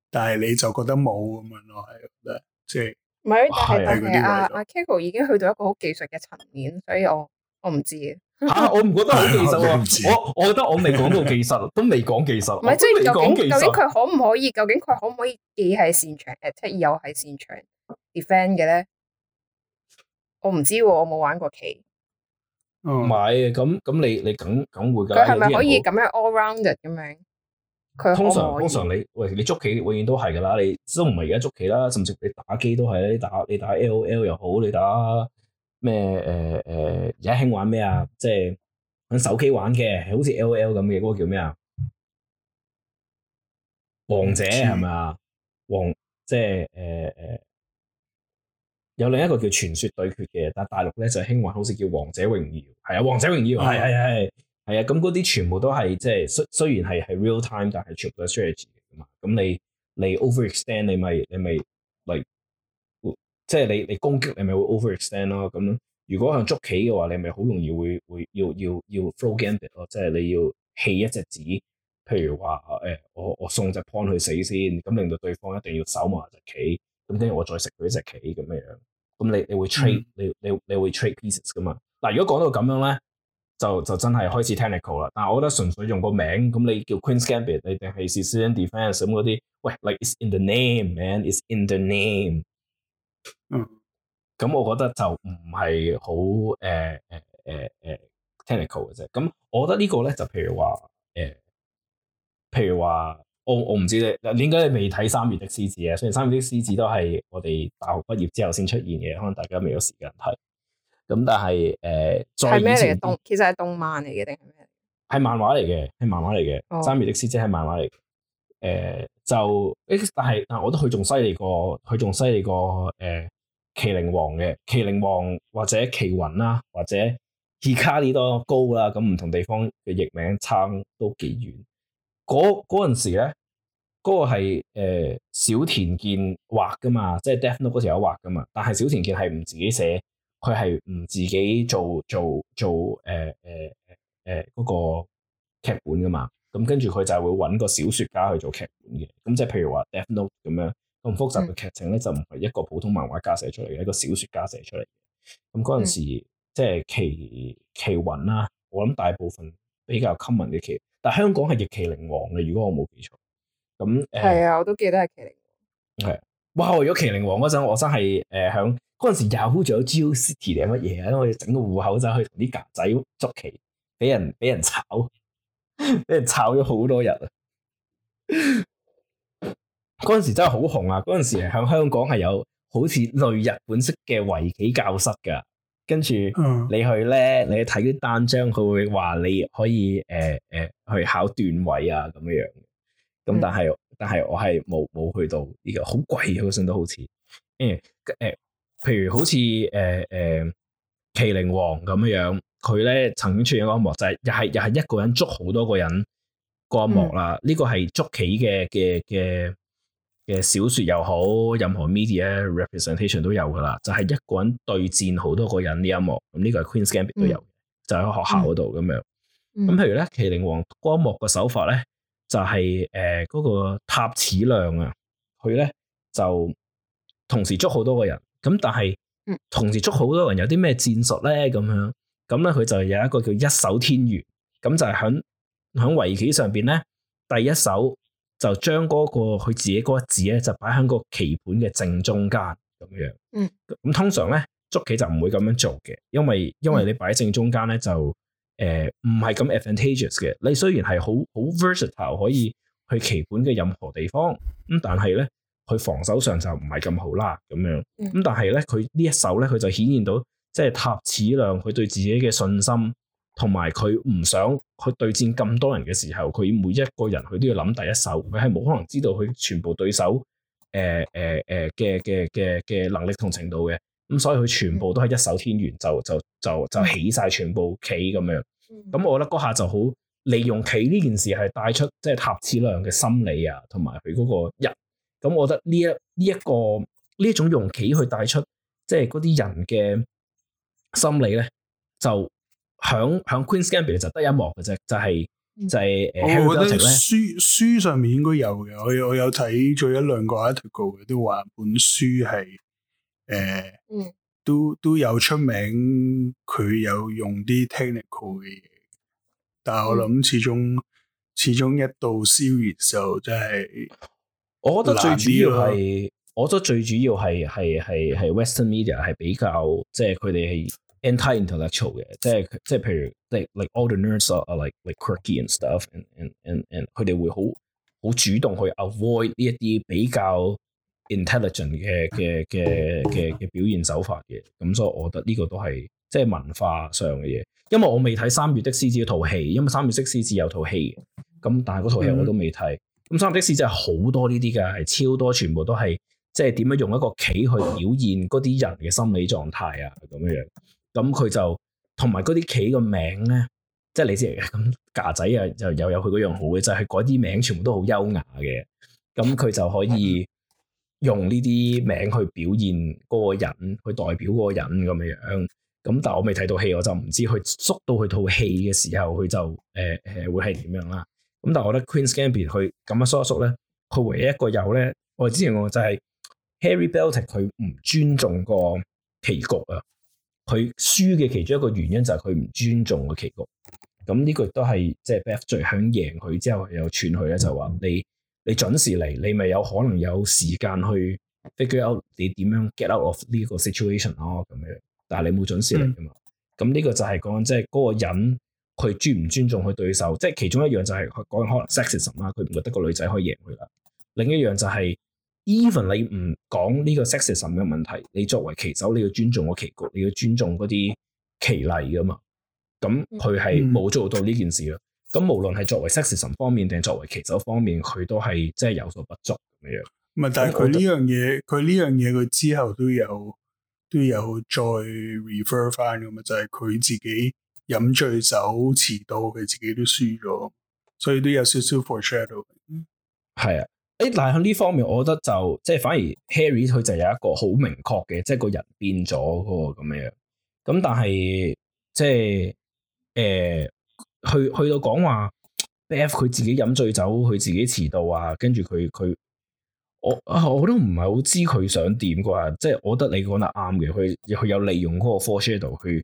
但係你就覺得冇咁樣咯，係即係。唔係，但係特別阿阿 Kago 已經去到一個好技術嘅層面，所以我我唔知。吓、啊！我唔覺得好技術，我我覺得我未講到技術，都未講技術。唔係是，即係究竟究竟佢可唔可以？究竟佢可唔可以既係擅長，即係又係擅長 defend 嘅咧？我唔知，我冇玩過棋。唔係啊！咁咁你你梗梗會噶？佢係咪可以咁樣 all rounder 咁樣？佢通常通常你喂你捉棋永遠都係噶啦，你都唔係而家捉棋啦，甚至你打機都係咧，打你打 LOL 又好，你打。咩？誒誒而家興玩咩啊？即係玩手機玩嘅，好似 L.O.L. 咁嘅嗰個叫咩啊？王者係咪啊？王即係誒誒，有另一個叫傳説對決嘅，但大陸咧就興玩，好似叫《王者榮耀》啊，《王者榮耀》係啊，《王者榮耀》係係係係啊，咁嗰啲全部都係即係雖雖然係係 real time，但係全部都係 strategy 嚟嘅嘛。咁你 over end，你 overextend，你咪你咪 l 即係你你攻擊你咪會 overextend 咯，咁樣如果係捉棋嘅話，你咪好容易會會，會要要要 flow gambit 咯，即係你要棄一隻子，譬如話誒、哎、我我送隻 point 去死先，咁令到對方一定要守埋隻棋，咁之後我再食佢一隻棋咁樣，咁你，你會 trade、嗯、你你你會 trade pieces 㗎嘛？嗱，如果講到咁樣咧，就就真係開始 technical 啦。但係我覺得純粹用個名咁，你叫 Queen Gambit，你定係是 n defence，咁啲喂，like it's in the name man，it's in the name。嗯，咁、嗯、我覺得就唔係好誒誒誒誒 technical 嘅啫。咁、呃呃呃、我覺得個呢個咧就譬如話，誒、呃，譬如話，我我唔知你，你點解你未睇《三月的獅子》啊。雖然《三月的獅子》都係我哋大學畢業之後先出現嘅，可能大家未有時間睇。咁但係誒，係咩嚟嘅動？其實係動漫嚟嘅定係咩？係漫畫嚟嘅，係漫畫嚟嘅，《三月的獅子》係漫畫嚟嘅。誒、呃、就，但係啊，我覺得佢仲犀利過，佢仲犀利過誒、呃《麒麟王》嘅《麒麟王或、啊》或者、啊《奇雲》啦，或者《希卡利多》高啦，咁唔同地方嘅譯名差都幾遠。嗰嗰陣時咧，嗰、那個係、呃、小田健畫噶嘛，即係 Death Note 嗰時有畫噶嘛，但係小田健係唔自己寫，佢係唔自己做做做誒誒誒誒嗰個劇本噶嘛。咁跟住佢就係會揾個小説家去做劇本嘅，咁即係譬如話《Death Note》咁樣，咁複雜嘅劇情咧就唔係一個普通漫畫家寫出嚟嘅，嗯、一個小説家寫出嚟嘅。咁嗰陣時、嗯、即係《奇奇雲》啦，我諗大部分比較 common 嘅奇，但係香港係《葉奇靈王》嘅，如果我冇記錯，咁係啊，呃、我都記得係《奇靈王》。係，哇！如果《奇靈王》嗰陣我真係誒響嗰陣時 Yahoo 仲有 GeoCities 定乜嘢啊？因為整個戶口就去同啲格仔捉棋，俾人俾人、俾人炒。你 人炒咗好多日啊！嗰 陣 時真係好紅啊！嗰陣時喺香港係有好似類日本式嘅圍棋教室噶，跟住你去咧，嗯、你去睇啲單張，佢會話你可以誒誒、呃呃、去考段位啊咁樣樣。咁但係但係我係冇冇去到呢個好貴，好似都好似誒誒，譬如好似誒誒。呃呃麒麟王咁樣樣，佢咧曾經出現過一幕就係又係又係一個人捉好多個人個幕啦，呢、嗯、個係捉棋嘅嘅嘅嘅小說又好，任何 media representation 都有噶啦，就係、是、一個人對戰好多個人呢一幕，咁、這、呢個係 Queen’s Gambit 都有，嘅、嗯，就喺學校嗰度咁樣。咁、嗯嗯、譬如咧，麒麟王個幕嘅手法咧，就係誒嗰個塔矢亮啊，佢咧就同時捉好多個人，咁但係。同時捉好多人有啲咩戰術咧咁樣，咁咧佢就有一個叫一手天元，咁就係響響圍棋上邊咧，第一手就將嗰、嗰個佢自己嗰個子咧就擺喺個棋盤嘅正中間咁樣。嗯，咁通常咧捉棋就唔會咁樣做嘅，因為因為你擺正中間咧就誒唔、呃、係咁 advantageous 嘅，你雖然係好好 versatile 可以去棋盤嘅任何地方，咁但係咧。佢防守上就唔係咁好啦，咁樣咁但係咧，佢呢一手咧，佢就顯現到即係塔矢亮佢對自己嘅信心，同埋佢唔想去對戰咁多人嘅時候，佢每一個人佢都要諗第一手，佢係冇可能知道佢全部對手誒誒誒嘅嘅嘅嘅能力同程度嘅，咁所以佢全部都係一手天元就就就就起晒全部棋咁樣，咁、嗯、我覺得嗰下就好利用棋呢件事係帶出即係塔矢亮嘅心理啊，同埋佢嗰個人。咁我覺得呢一呢一個呢一種用棋去帶出，即係嗰啲人嘅心理咧，就響響 Queen's Gambit 得一幕嘅啫，就係、是、就係、是。嗯嗯、我覺得書書上面應該有嘅，我有我有睇咗一兩個 article，都話本書係誒，呃嗯、都都有出名，佢有用啲 technical 嘅嘢，但係我諗始終、嗯、始終一到燒熱嘅時候，真係。我覺得最主要係，啊、我覺得最主要係係係係 Western media 係比較，即係佢哋係 anti-intellectual 嘅，即係即係譬如，即係 like all the nerds are like like quirky and stuff and and and 佢哋會好好主動去 avoid 呢一啲比較 intelligent 嘅嘅嘅嘅嘅表現手法嘅。咁所以我覺得呢個都係即係文化上嘅嘢。因為我未睇三月的獅子套戲，因為三月的獅子有套戲，咁但係嗰套戲我都未睇。嗯咁三立的士真係好多呢啲嘅，係超多，全部都係即係點樣用一個棋去表現嗰啲人嘅心理狀態啊咁樣樣。咁佢就同埋嗰啲棋個名咧，即係你知咁架仔啊，就又有佢嗰樣好嘅，就係嗰啲名，全部都好優雅嘅。咁佢就可以用呢啲名去表現嗰個人，去代表嗰個人咁樣樣。咁但係我未睇到戲，我就唔知佢縮到佢套戲嘅時候，佢就誒誒、呃、會係點樣啦。但係我覺得 Queen's Gambit 佢咁樣縮一縮咧，佢唯一一個有咧，我之前講就係 Harry Belton 佢唔尊重個棋局啊，佢輸嘅其中一個原因就係佢唔尊重個棋局。咁呢個都係即係 Beth 最想贏佢之後又串佢咧，就話你你準時嚟，你咪有可能有時間去 figure out 你點樣 get out of 呢個 situation 咯咁樣。但係你冇準時嚟㗎嘛，咁呢、嗯、個就係講即係嗰個人。佢尊唔尊重佢對手，即係其中一樣就係、是、講可能 sexism 啦，佢唔覺得個女仔可以贏佢啦。另一樣就係、是、even 你唔講呢個 sexism 嘅問題，你作為棋手你要尊重個棋局，你要尊重嗰啲棋例噶嘛。咁佢係冇做到呢件事咯。咁、嗯、無論係作為 sexism 方面定作為棋手方面，佢都係即係有所不足咁樣。唔係是，但係佢呢樣嘢，佢呢樣嘢佢之後都有都有再 refer 翻咁嘛，就係佢自己。飲醉酒遲到，佢自己都輸咗，所以都有少少 foreshadow。係啊，誒，但係喺呢方面，我覺得就即係反而 Harry 佢就有一個好明確嘅，即係個人變咗個咁樣。咁但係即係誒，去去到講話 BF 佢自己飲醉酒，佢自己遲到啊，跟住佢佢我啊，我都唔係好知佢想點啩。即係我覺得你講得啱嘅，佢佢有利用個 foreshadow 佢。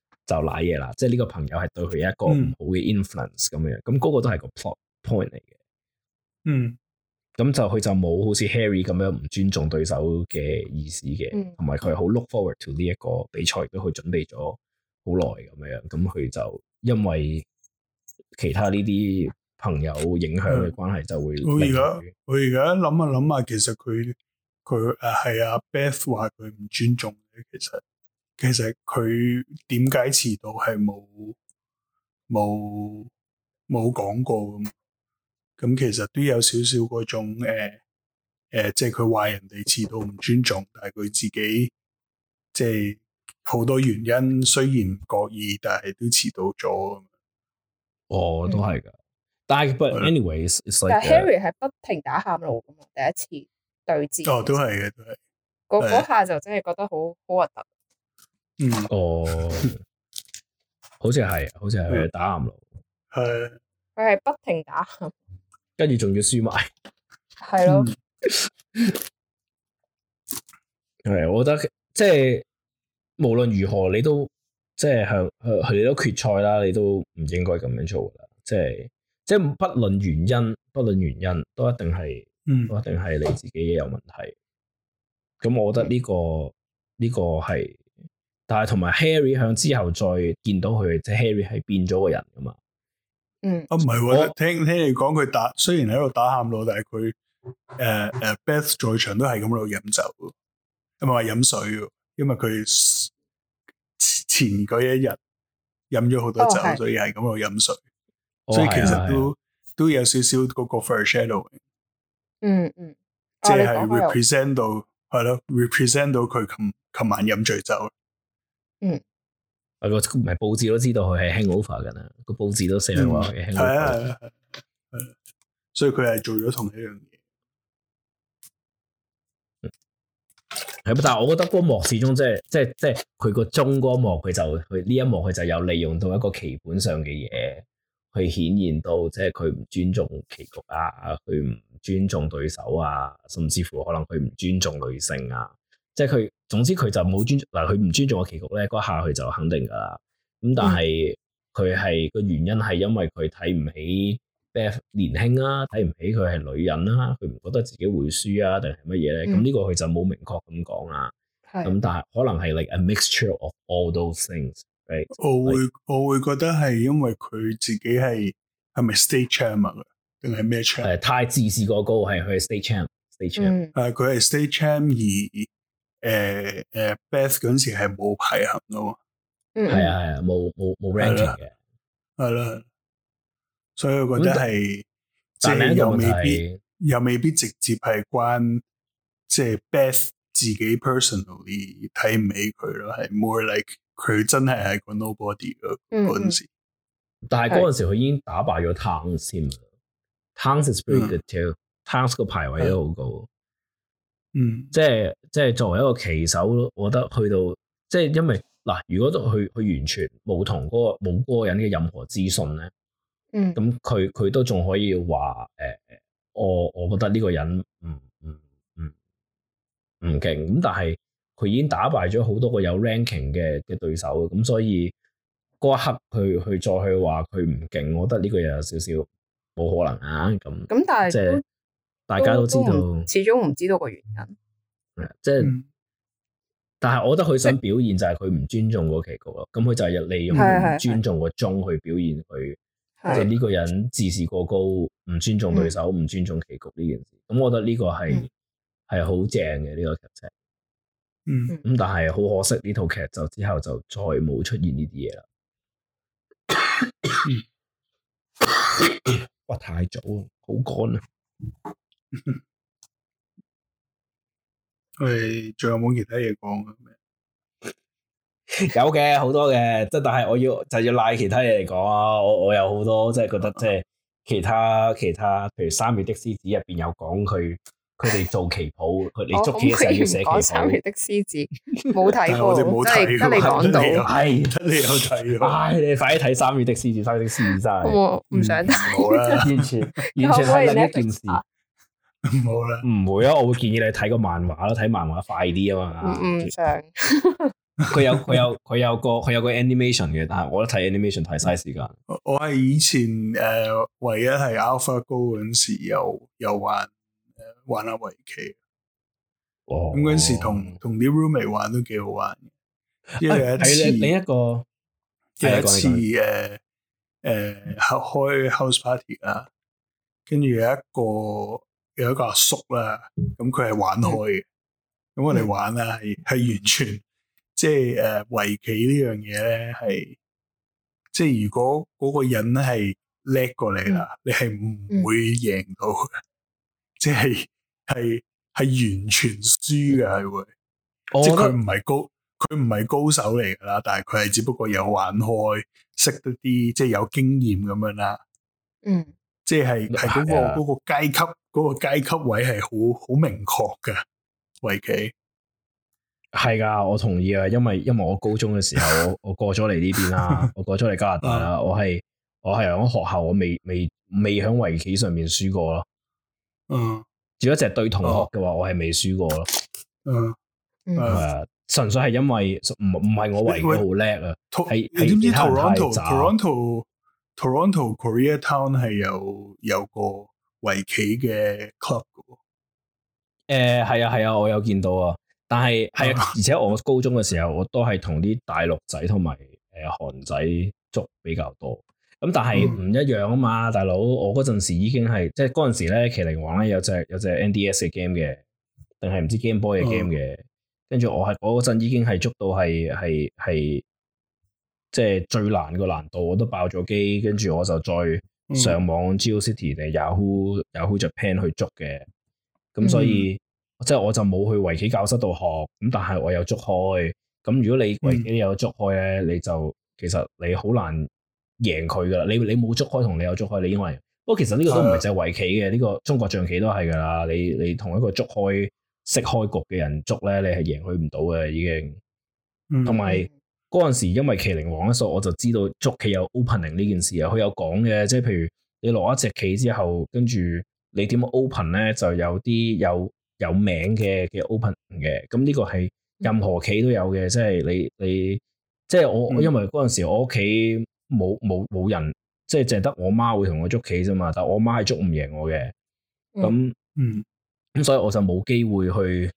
就瀨嘢啦，即係呢個朋友係對佢一個唔好嘅 influence 咁樣，咁、那、嗰個都係個 point 嚟嘅。嗯，咁就佢就冇好似 Harry 咁樣唔尊重對手嘅意思嘅，同埋佢好 look forward to 呢一個比賽，都佢準備咗好耐咁樣，咁佢就因為其他呢啲朋友影響嘅關係就會離我。我而家我而家諗下諗下，其實佢佢誒係啊 Beth 話佢唔尊重嘅，其實。其實佢點解遲到係冇冇冇講過咁，咁其實都有少少嗰種誒誒，即係佢話人哋遲到唔尊重，但係佢自己即係好多原因，雖然唔覺意，但係都遲到咗。哦，都係噶，嗯、但係 but anyways Harry 係不停打喊路噶嘛，第一次對峙。哦，都係嘅，都係。嗰那下就真係覺得好好核突。的哦，好似係，好似係打暗路，係，佢 係樂不停打，跟住仲要輸埋，係咯，係， 我覺得即係無論如何，你都即係向誒，你都決賽啦，你都唔應該咁樣做啦，即係即係不論原因，不論原因都一定係，嗯，一定係你自己有問題，咁 我覺得呢個呢個係。但係同埋 Harry 向之後再見到佢，即係 Harry 係變咗個人噶嘛？嗯，啊唔係喎，聽聽你講佢打，雖然喺度打喊路，但係佢誒誒 Beth 在場都係咁喺度飲酒，唔係話飲水噶，因為佢前嗰一日飲咗好多酒，oh, okay. 所以係咁喺度飲水，所以其實都、oh, okay. 都有少少嗰個 fore、oh, shadow。嗯嗯，即係 represent 到係咯 okay.、right，represent 到佢琴琴晚飲醉酒。嗯，個唔係布置都知道佢係輕 over 噶啦個布置都成話嘅，係啊係啊係，所以佢係做咗同呢樣嘢。係、嗯，但係我覺得嗰幕始終即係即係即係，佢、就是就是、個中嗰幕佢就佢呢一幕佢就有利用到一個棋盤上嘅嘢，去顯現到即係佢唔尊重棋局啊，佢唔尊重對手啊，甚至乎可能佢唔尊重女性啊，即係佢。總之佢就冇尊重。嗱，佢唔尊重我。棋局咧，嗰下佢就肯定㗎啦。咁但係佢係個原因係因為佢睇唔起 Beth 年輕啦、啊，睇唔起佢係女人啦、啊，佢唔覺得自己會輸啊，定係乜嘢咧？咁呢個佢就冇明確咁講啊。咁是但係可能係 like a mixture of all those things、right?。我會 like, 我會覺得係因為佢自己係係咪 state champ 啊？定係咩 champ？誒太自視過高係佢 state champ。state champ 誒佢係 state champ 而、嗯。誒誒，best 嗰陣時係冇排行噶喎，係啊係啊，冇冇冇 range 嘅，係啦。所以我覺得係，即係又未必又未必直接係關，即係 best 自己 personally 睇唔起佢咯，係 more like 佢真係係個 nobody 咯嗰時。Mm. 但係嗰陣時佢已經打敗咗 Tang 先啦。Mm. Tang is pretty good too. Mm.Tang 個排位都好高。嗯，即係即係作為一個棋手，我覺得去到即係，因為嗱，如果佢佢完全冇同嗰個冇嗰個人嘅任何資訊咧、嗯呃，嗯，咁佢佢都仲可以話誒，我我覺得呢個人唔唔唔唔勁，咁、嗯嗯嗯、但係佢已經打敗咗好多個有 ranking 嘅嘅對手，咁所以嗰一刻去去再去話佢唔勁，我覺得呢個又有少少冇可能啊，咁咁但係是即係。嗯大家都知道，始終唔知道個原因。即係、就是，嗯、但係我覺得佢想表現就係佢唔尊重個棋局咯。咁佢、嗯、就係利用唔尊重個鐘去表現佢，即係呢個人自視過高，唔尊重對手，唔、嗯、尊重棋局呢件事。咁我覺得呢個係係好正嘅呢個劇情。嗯、咁、嗯、但係好可惜呢套劇就之後就再冇出現呢啲嘢啦。哇，太早，好乾啊！我仲 有冇其他嘢講 有嘅，好多嘅，即但係我要就要賴其他嘢嚟講啊！我我有好多即係覺得即係其他其他，譬如《三月的獅子》入邊有講佢佢哋做棋譜，佢哋捉棋嘅時候要寫棋譜。我完全講《三月的獅子》，冇睇過， 我 真係一嚟講到係一嚟睇，哎哎、你快啲睇《三月的獅子》，《三月的獅子》真係唔想睇、嗯， 完全 完全係呢一件事。 嗯唔好啦，唔會啊！我會建議你睇個漫畫咯，睇漫畫快啲啊嘛。唔想佢有佢有佢有個佢有個 animation 嘅，但係我覺得睇 animation 太嘥時間。我係以前誒、呃，唯一係 Alpha Go 嗰陣時又，又又玩玩下圍棋。哦，咁嗰陣時同同啲 roommate 玩都幾好玩，嘅、就是啊。因為有一次，另一個第一次誒誒開 house party 啊，跟住有一個。有一個阿叔啦，咁佢係玩開嘅，咁的我哋玩啦係係完全，即係誒圍棋呢樣嘢咧係，即、就、係、是、如果嗰個人咧係叻過你啦，嗯、你係唔會贏到嘅，嗯、即係係係完全輸嘅係會，的即係佢唔係高佢唔係高手嚟噶啦，但係佢係只不過有玩開，識得啲即係有經驗咁樣啦。嗯。即係係嗰個嗰的個階級、嗰個階級位係好好明確嘅圍棋係噶，我同意啊！因為因為我高中嘅時候， 我我過咗嚟呢邊啦，我過咗嚟加拿大啦， 我係我係響學校我未未未響圍棋上面輸過咯。嗯，如果只係對同學嘅話，我係未輸過咯。嗯 係啊，純粹係因為唔唔係我圍棋好叻啊，係你知唔知 Toronto？Toronto Koreatown 係有有個圍棋嘅 club 嘅喎。誒係、呃、啊係啊，我有見到啊，但係係啊， 而且我高中嘅時候，我都係同啲大陸仔同埋誒韓仔捉比較多，咁但係唔一樣啊嘛，嗯、大佬，我嗰陣時已經係即係嗰陣時咧，麒麟王咧有隻有隻 NDS 嘅 game 嘅，定係唔知 Game Boy 嘅 game 嘅，跟住、嗯、我係我嗰陣已經係捉到係係係。即係最難個難度，我都爆咗機，跟住我就再上網、嗯、Go City 定、ah、Yahoo、Yahoo Japan 去捉嘅。咁所以，嗯、即係我就冇去圍棋教室度學。咁但係我有捉開。咁如果你圍棋有捉開咧，嗯、你就其實你好難贏佢噶啦。你你冇捉開同你有捉開，你因為，不過其實呢個都唔係淨係圍棋嘅，呢個中國象棋都係噶啦。你你同一個捉開識開局嘅人捉咧，你係贏佢唔到嘅已經。同埋、嗯。嗯嗰陣時因為麒麟王所以我就知道捉棋有 opening 呢件事啊，佢有講嘅，即係譬如你落一隻棋之後，跟住你點樣 open 咧，就有啲有有名嘅嘅 opening 嘅，咁呢個係任何棋都有嘅，嗯，即係你你即係我因為嗰陣時我屋企冇冇冇人，即係淨係得我媽會同我捉棋啫嘛，但係我媽係捉唔贏我嘅，咁嗯咁，嗯、所以我就冇機會去。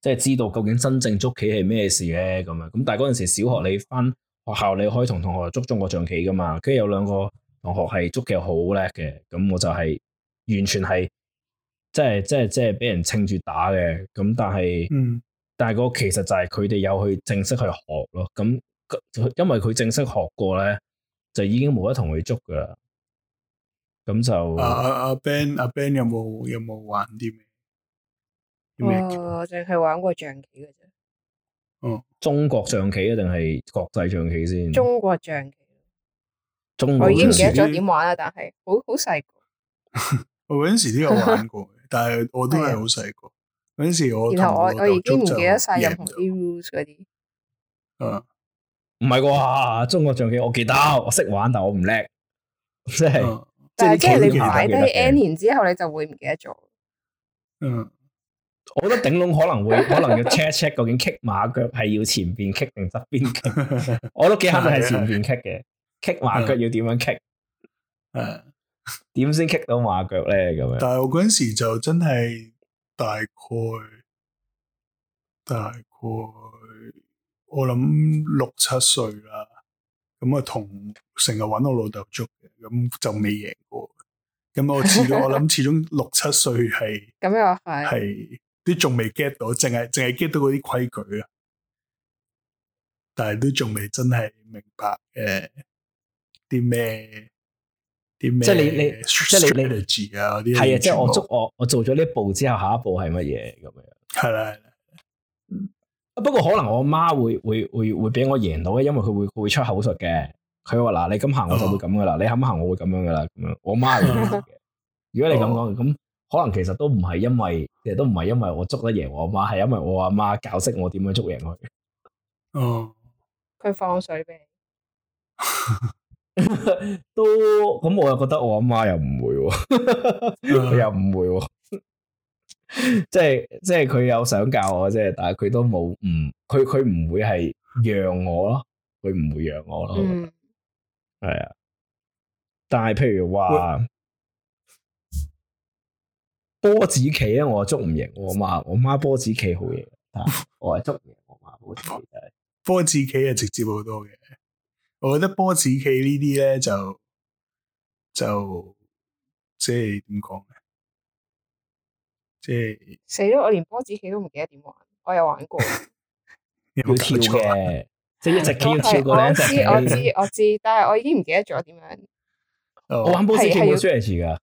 即係知道究竟真正捉棋係咩事咧咁啊！咁但係嗰陣時小學，你返學校，你可以同同學捉中國象棋噶嘛？跟住有兩個同學係捉嘅好叻嘅，咁我就係完全係即係即係即係俾人稱住打嘅。咁但係，但係、嗯、個其實就係佢哋有去正式去學咯。咁因為佢正式學過咧，就已經冇得同佢捉噶啦。咁就阿阿阿 Ben 阿、uh、Ben 有冇有冇玩啲？我淨係玩過象棋嘅啫。中國象棋啊，定係國際象棋先？中國象棋。中我已經唔記得咗點玩啦，但係好好細個。我嗰陣時都有玩過，但係我都係好細個。嗰陣時我然後我我已經唔記得晒任何啲 rules 嗰啲。唔係啩？中國象棋我記得，我識玩，但我唔叻。即係，但係即係你擺低 n 年之後，你就會唔記得咗。嗯。我覺得頂籠可能會，可能要 check check 究竟，kick 馬腳係要前邊 kick 定側邊 kick，我都記得係前邊 kick 嘅。kick 馬腳要點樣 kick？誒，點先 kick 到馬腳咧？咁樣。但係我嗰陣時就真係大概大概我諗六七歲啦，咁啊同成日搵我老豆捉嘅，咁就未贏過。咁我始終 我諗始終六七歲係咁又係係。 都仲未 get 到，淨係淨係 get 到嗰啲規矩啊！但係都仲未真係明白誒啲咩啲咩，即係你你即係你，strategy 啊啲係啊！即係我做我我做咗呢一步之後，下一步係乜嘢咁樣？係啦係啦。不過可能我媽會會會會俾我贏到嘅，因為佢會會出口術嘅。佢話嗱，你咁行，我就會咁噶啦。你肯行，我會咁樣噶啦。咁樣，我媽係咁樣嘅。如果你咁講咁。可能其實都唔係因為，其實都唔係因為我捉得贏我阿媽，係因為我阿媽，媽教識我點樣捉贏佢。哦，佢放水俾，都咁我又覺得我阿媽，媽又唔會、啊， 又唔會、啊 即，即係即係佢有想教我，即係但係佢都冇，唔佢佢唔會係讓我咯，佢唔會讓我咯。係、嗯、啊，但係譬如話。波子棋咧，我捉唔贏我媽。我媽波子棋好贏， 我係捉唔贏我媽波子棋。波子棋係、就是、直接好多嘅。我覺得波子棋呢啲咧就就即係點講咧，即、就、係、是就是、死咗。我連波子棋都唔記得點玩。我有玩過， 有要跳嘅， 即係一隻棋要跳過另一隻棋。我知我知，我知但係我已經唔記得咗點樣。哦、我玩波子棋會輸一次噶。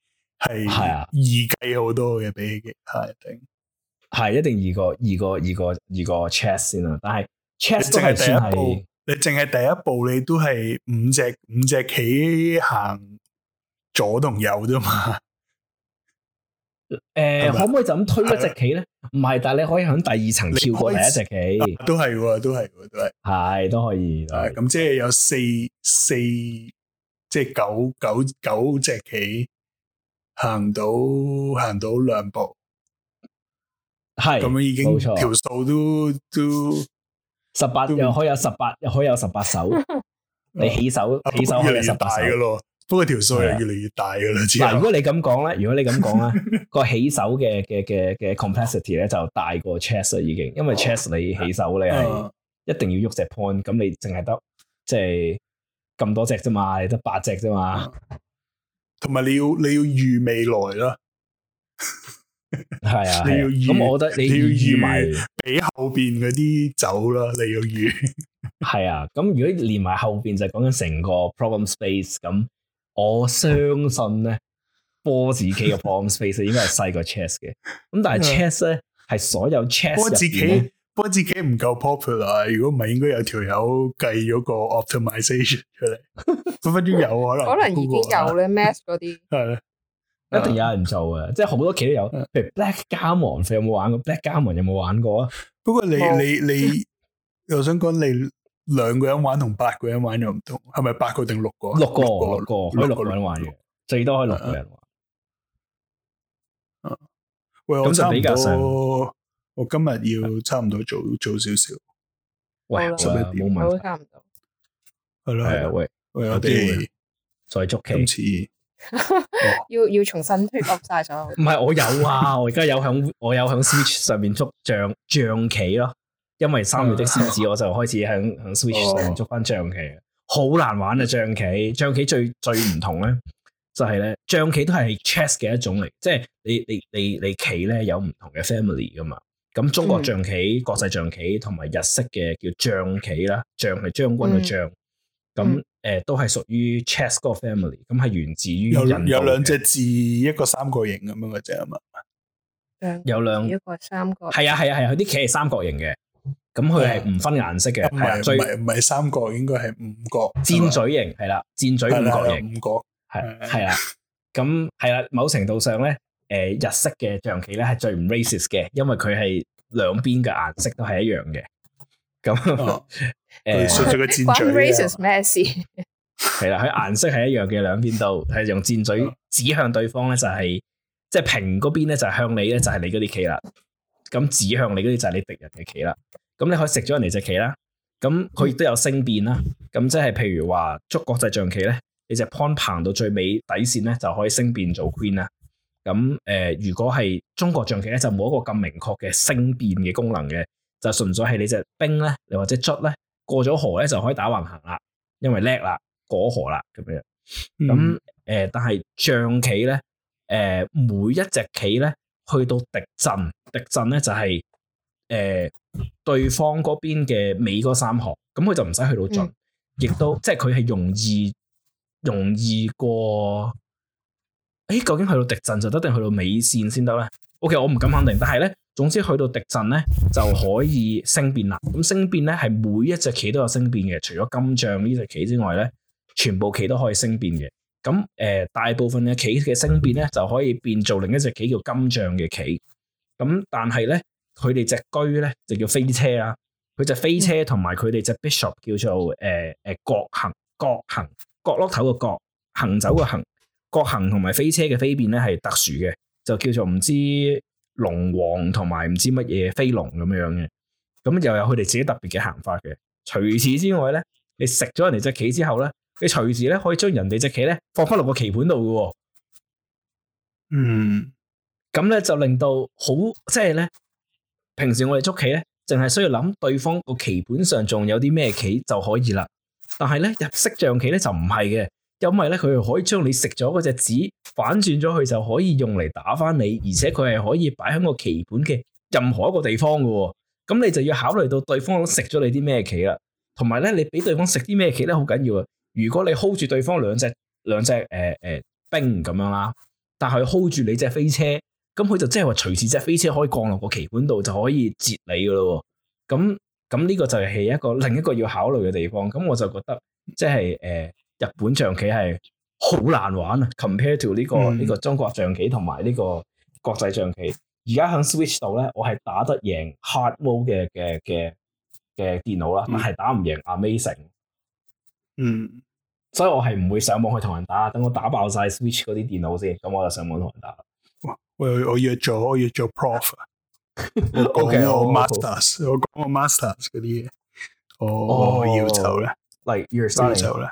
係係啊，易計好多嘅比其他一定係一定二個二個二個二個 Chess 先啦，但係 Chess 都係算係你淨係第一步，你都係五隻五隻棋行左同右啫嘛。誒，可唔可以就咁推一隻棋咧？唔係，但係你可以響第二層跳過第一隻棋，都係喎，都係喎，都係係都可以。咁即係有四四即係九九九隻棋。行到行到兩步，係咁樣已經冇錯，條數都都十八，又可以有十八，又可以有十八手。你起手起手係十八手，不過條數係越嚟越大噶啦。嗱，如果你咁講咧，如果你咁講咧，個起手嘅嘅嘅嘅 complexity 咧就大過 chess 啦，已經，因為 chess 你起手你係一定要喐隻 point，咁你淨係得即係咁多隻啫嘛，你得八隻啫嘛。同埋你要你要預未來啦，係啊，你要預，咁我覺得你要預俾後邊嗰啲走啦，你要預。係 啊，咁如果連埋後邊就講緊成個 problem space，咁我相信咧，波自己個 problem space 應該係細個 chess 嘅，咁 但係 chess 咧係所有 chess 入邊。不過自己唔夠 popular，如果唔係，應該有條友計咗個 optimization 出嚟，分分鐘有可能。可能已經有咧 match 嗰啲，係咧，一定有人做嘅，即係好多期都有。譬如 Backgammon，有冇玩過？Backgammon 有冇玩過啊？不過你你你，我想講你兩個人玩同八個人玩又唔同，係咪八個定六個？六個六個，如果六個人玩嘅，最多可以六個人玩。喂，咁就比較上。我今日要差唔多早早少少，喂，冇問題差唔多，係啦，喂，我哋再捉棋，今次要要重新 set up 晒咗。唔係我有啊，我而家有響我有響 Switch 上面捉象象棋咯，因為三月的獅子，我就開始響響 Switch 上面捉翻象棋，好難玩啊！象棋，象棋最最唔同咧，就係咧，象棋都係 Chess 嘅一種嚟，即係你你你你棋咧有唔同嘅 family 噶嘛。咁中國象棋、國際象棋同埋日式嘅叫象棋啦，象係將軍嘅象，咁誒都係屬於 chess 嗰個 family，咁係源自於有有兩隻字，一個三角形咁樣嘅啫啊嘛，有兩一個三角，係啊係啊係啊，佢啲棋係三角形嘅，咁佢係唔分顏色嘅，唔係唔係唔係三角，應該係五角尖嘴形，係啦尖嘴五角形，五角係係啦，咁係啦，某程度上咧。誒日式嘅象棋咧係最唔 racist 嘅，因為佢係兩邊嘅顏色都係一樣嘅。咁誒，隨住個箭嘴，racist 咩事？係啦，佢顏色係一樣嘅兩邊度，係 用箭嘴指向對方咧，就係 oh.，就係即係平嗰邊咧，就係向你咧，就係你嗰啲棋啦。咁指向你嗰啲就係你敵人嘅棋啦。咁你可以食咗人哋隻棋啦。咁佢亦都有升變啦。咁即係譬如話捉國際象棋咧，你隻 pawn 行到最尾底線咧，就可以升變做 queen 啦。咁誒、呃，如果係中國象棋咧，就冇一個咁明確嘅升變嘅功能嘅，就純粹係你隻兵咧，又或者卒咧，過咗河咧就可以打橫行啦，因為叻啦，過河啦咁樣。咁誒、呃，但係象棋咧，誒、呃，每一隻棋咧，去到敵陣，敵陣咧就係、是、誒、呃、對方嗰邊嘅尾嗰三行，咁佢就唔使去到盡，亦、嗯、都即係佢係容易容易過。誒，究竟去到敵陣就得定去到尾線先得咧？O.K. 我唔敢肯定，但係咧，總之去到敵陣咧就可以升變啦。咁升變咧係每一隻棋都有升變嘅，除咗金將呢隻棋之外咧，全部棋都可以升變嘅。咁誒、呃，大部分嘅棋嘅升變咧就可以變做另一隻棋叫金將嘅棋。咁但係咧，佢哋隻車咧就叫飛車啦。佢隻飛車同埋佢哋隻 bishop 叫做誒誒角行角行角落頭嘅角行走嘅行。角行同埋飛車嘅飛變咧係特殊嘅，就叫做唔知龍王同埋唔知乜嘢飛龍咁樣嘅。咁又有佢哋自己特別嘅行法嘅。除此之外咧，你食咗人哋隻棋之後咧，你隨時咧可以將人哋隻棋咧放翻落個棋盤度嘅。嗯，咁咧就令到好即係咧，平時我哋捉棋咧淨係需要諗對方個棋盤上仲有啲咩棋就可以啦。但係咧，日式象棋咧就唔係嘅。因為咧，佢可以將你食咗嗰隻子反轉咗，佢就可以用嚟打翻你。而且佢係可以擺喺個棋盤嘅任何一個地方噶喎。咁你就要考慮到對方食咗你啲咩棋啦。同埋咧，你俾對方食啲咩棋咧，好緊要啊。如果你 hold 住對方兩隻兩隻誒誒兵咁樣啦，但係 hold 住你隻飛車，咁佢就即係話隨時隻飛車可以降落個棋盤度就可以截你噶咯。咁咁呢個就係一個另一個要考慮嘅地方。咁我就覺得即係誒。呃日本象棋係好難玩啊，compare to 呢個呢個中國象棋同埋呢個國際象棋。而家喺 Switch 度咧，在在我係打得贏 hard mode 嘅嘅嘅嘅電腦啦，但係打唔贏 amazing。嗯，所以我係唔會上網去同人打，等我打爆晒 Switch 嗰啲電腦先，咁我就上網同人打啦。我要做 我約咗我約咗 prof。O K，我 master，s, okay, 我講我 master 嗰啲嘢。哦、oh, oh，要走咧？Like you are done？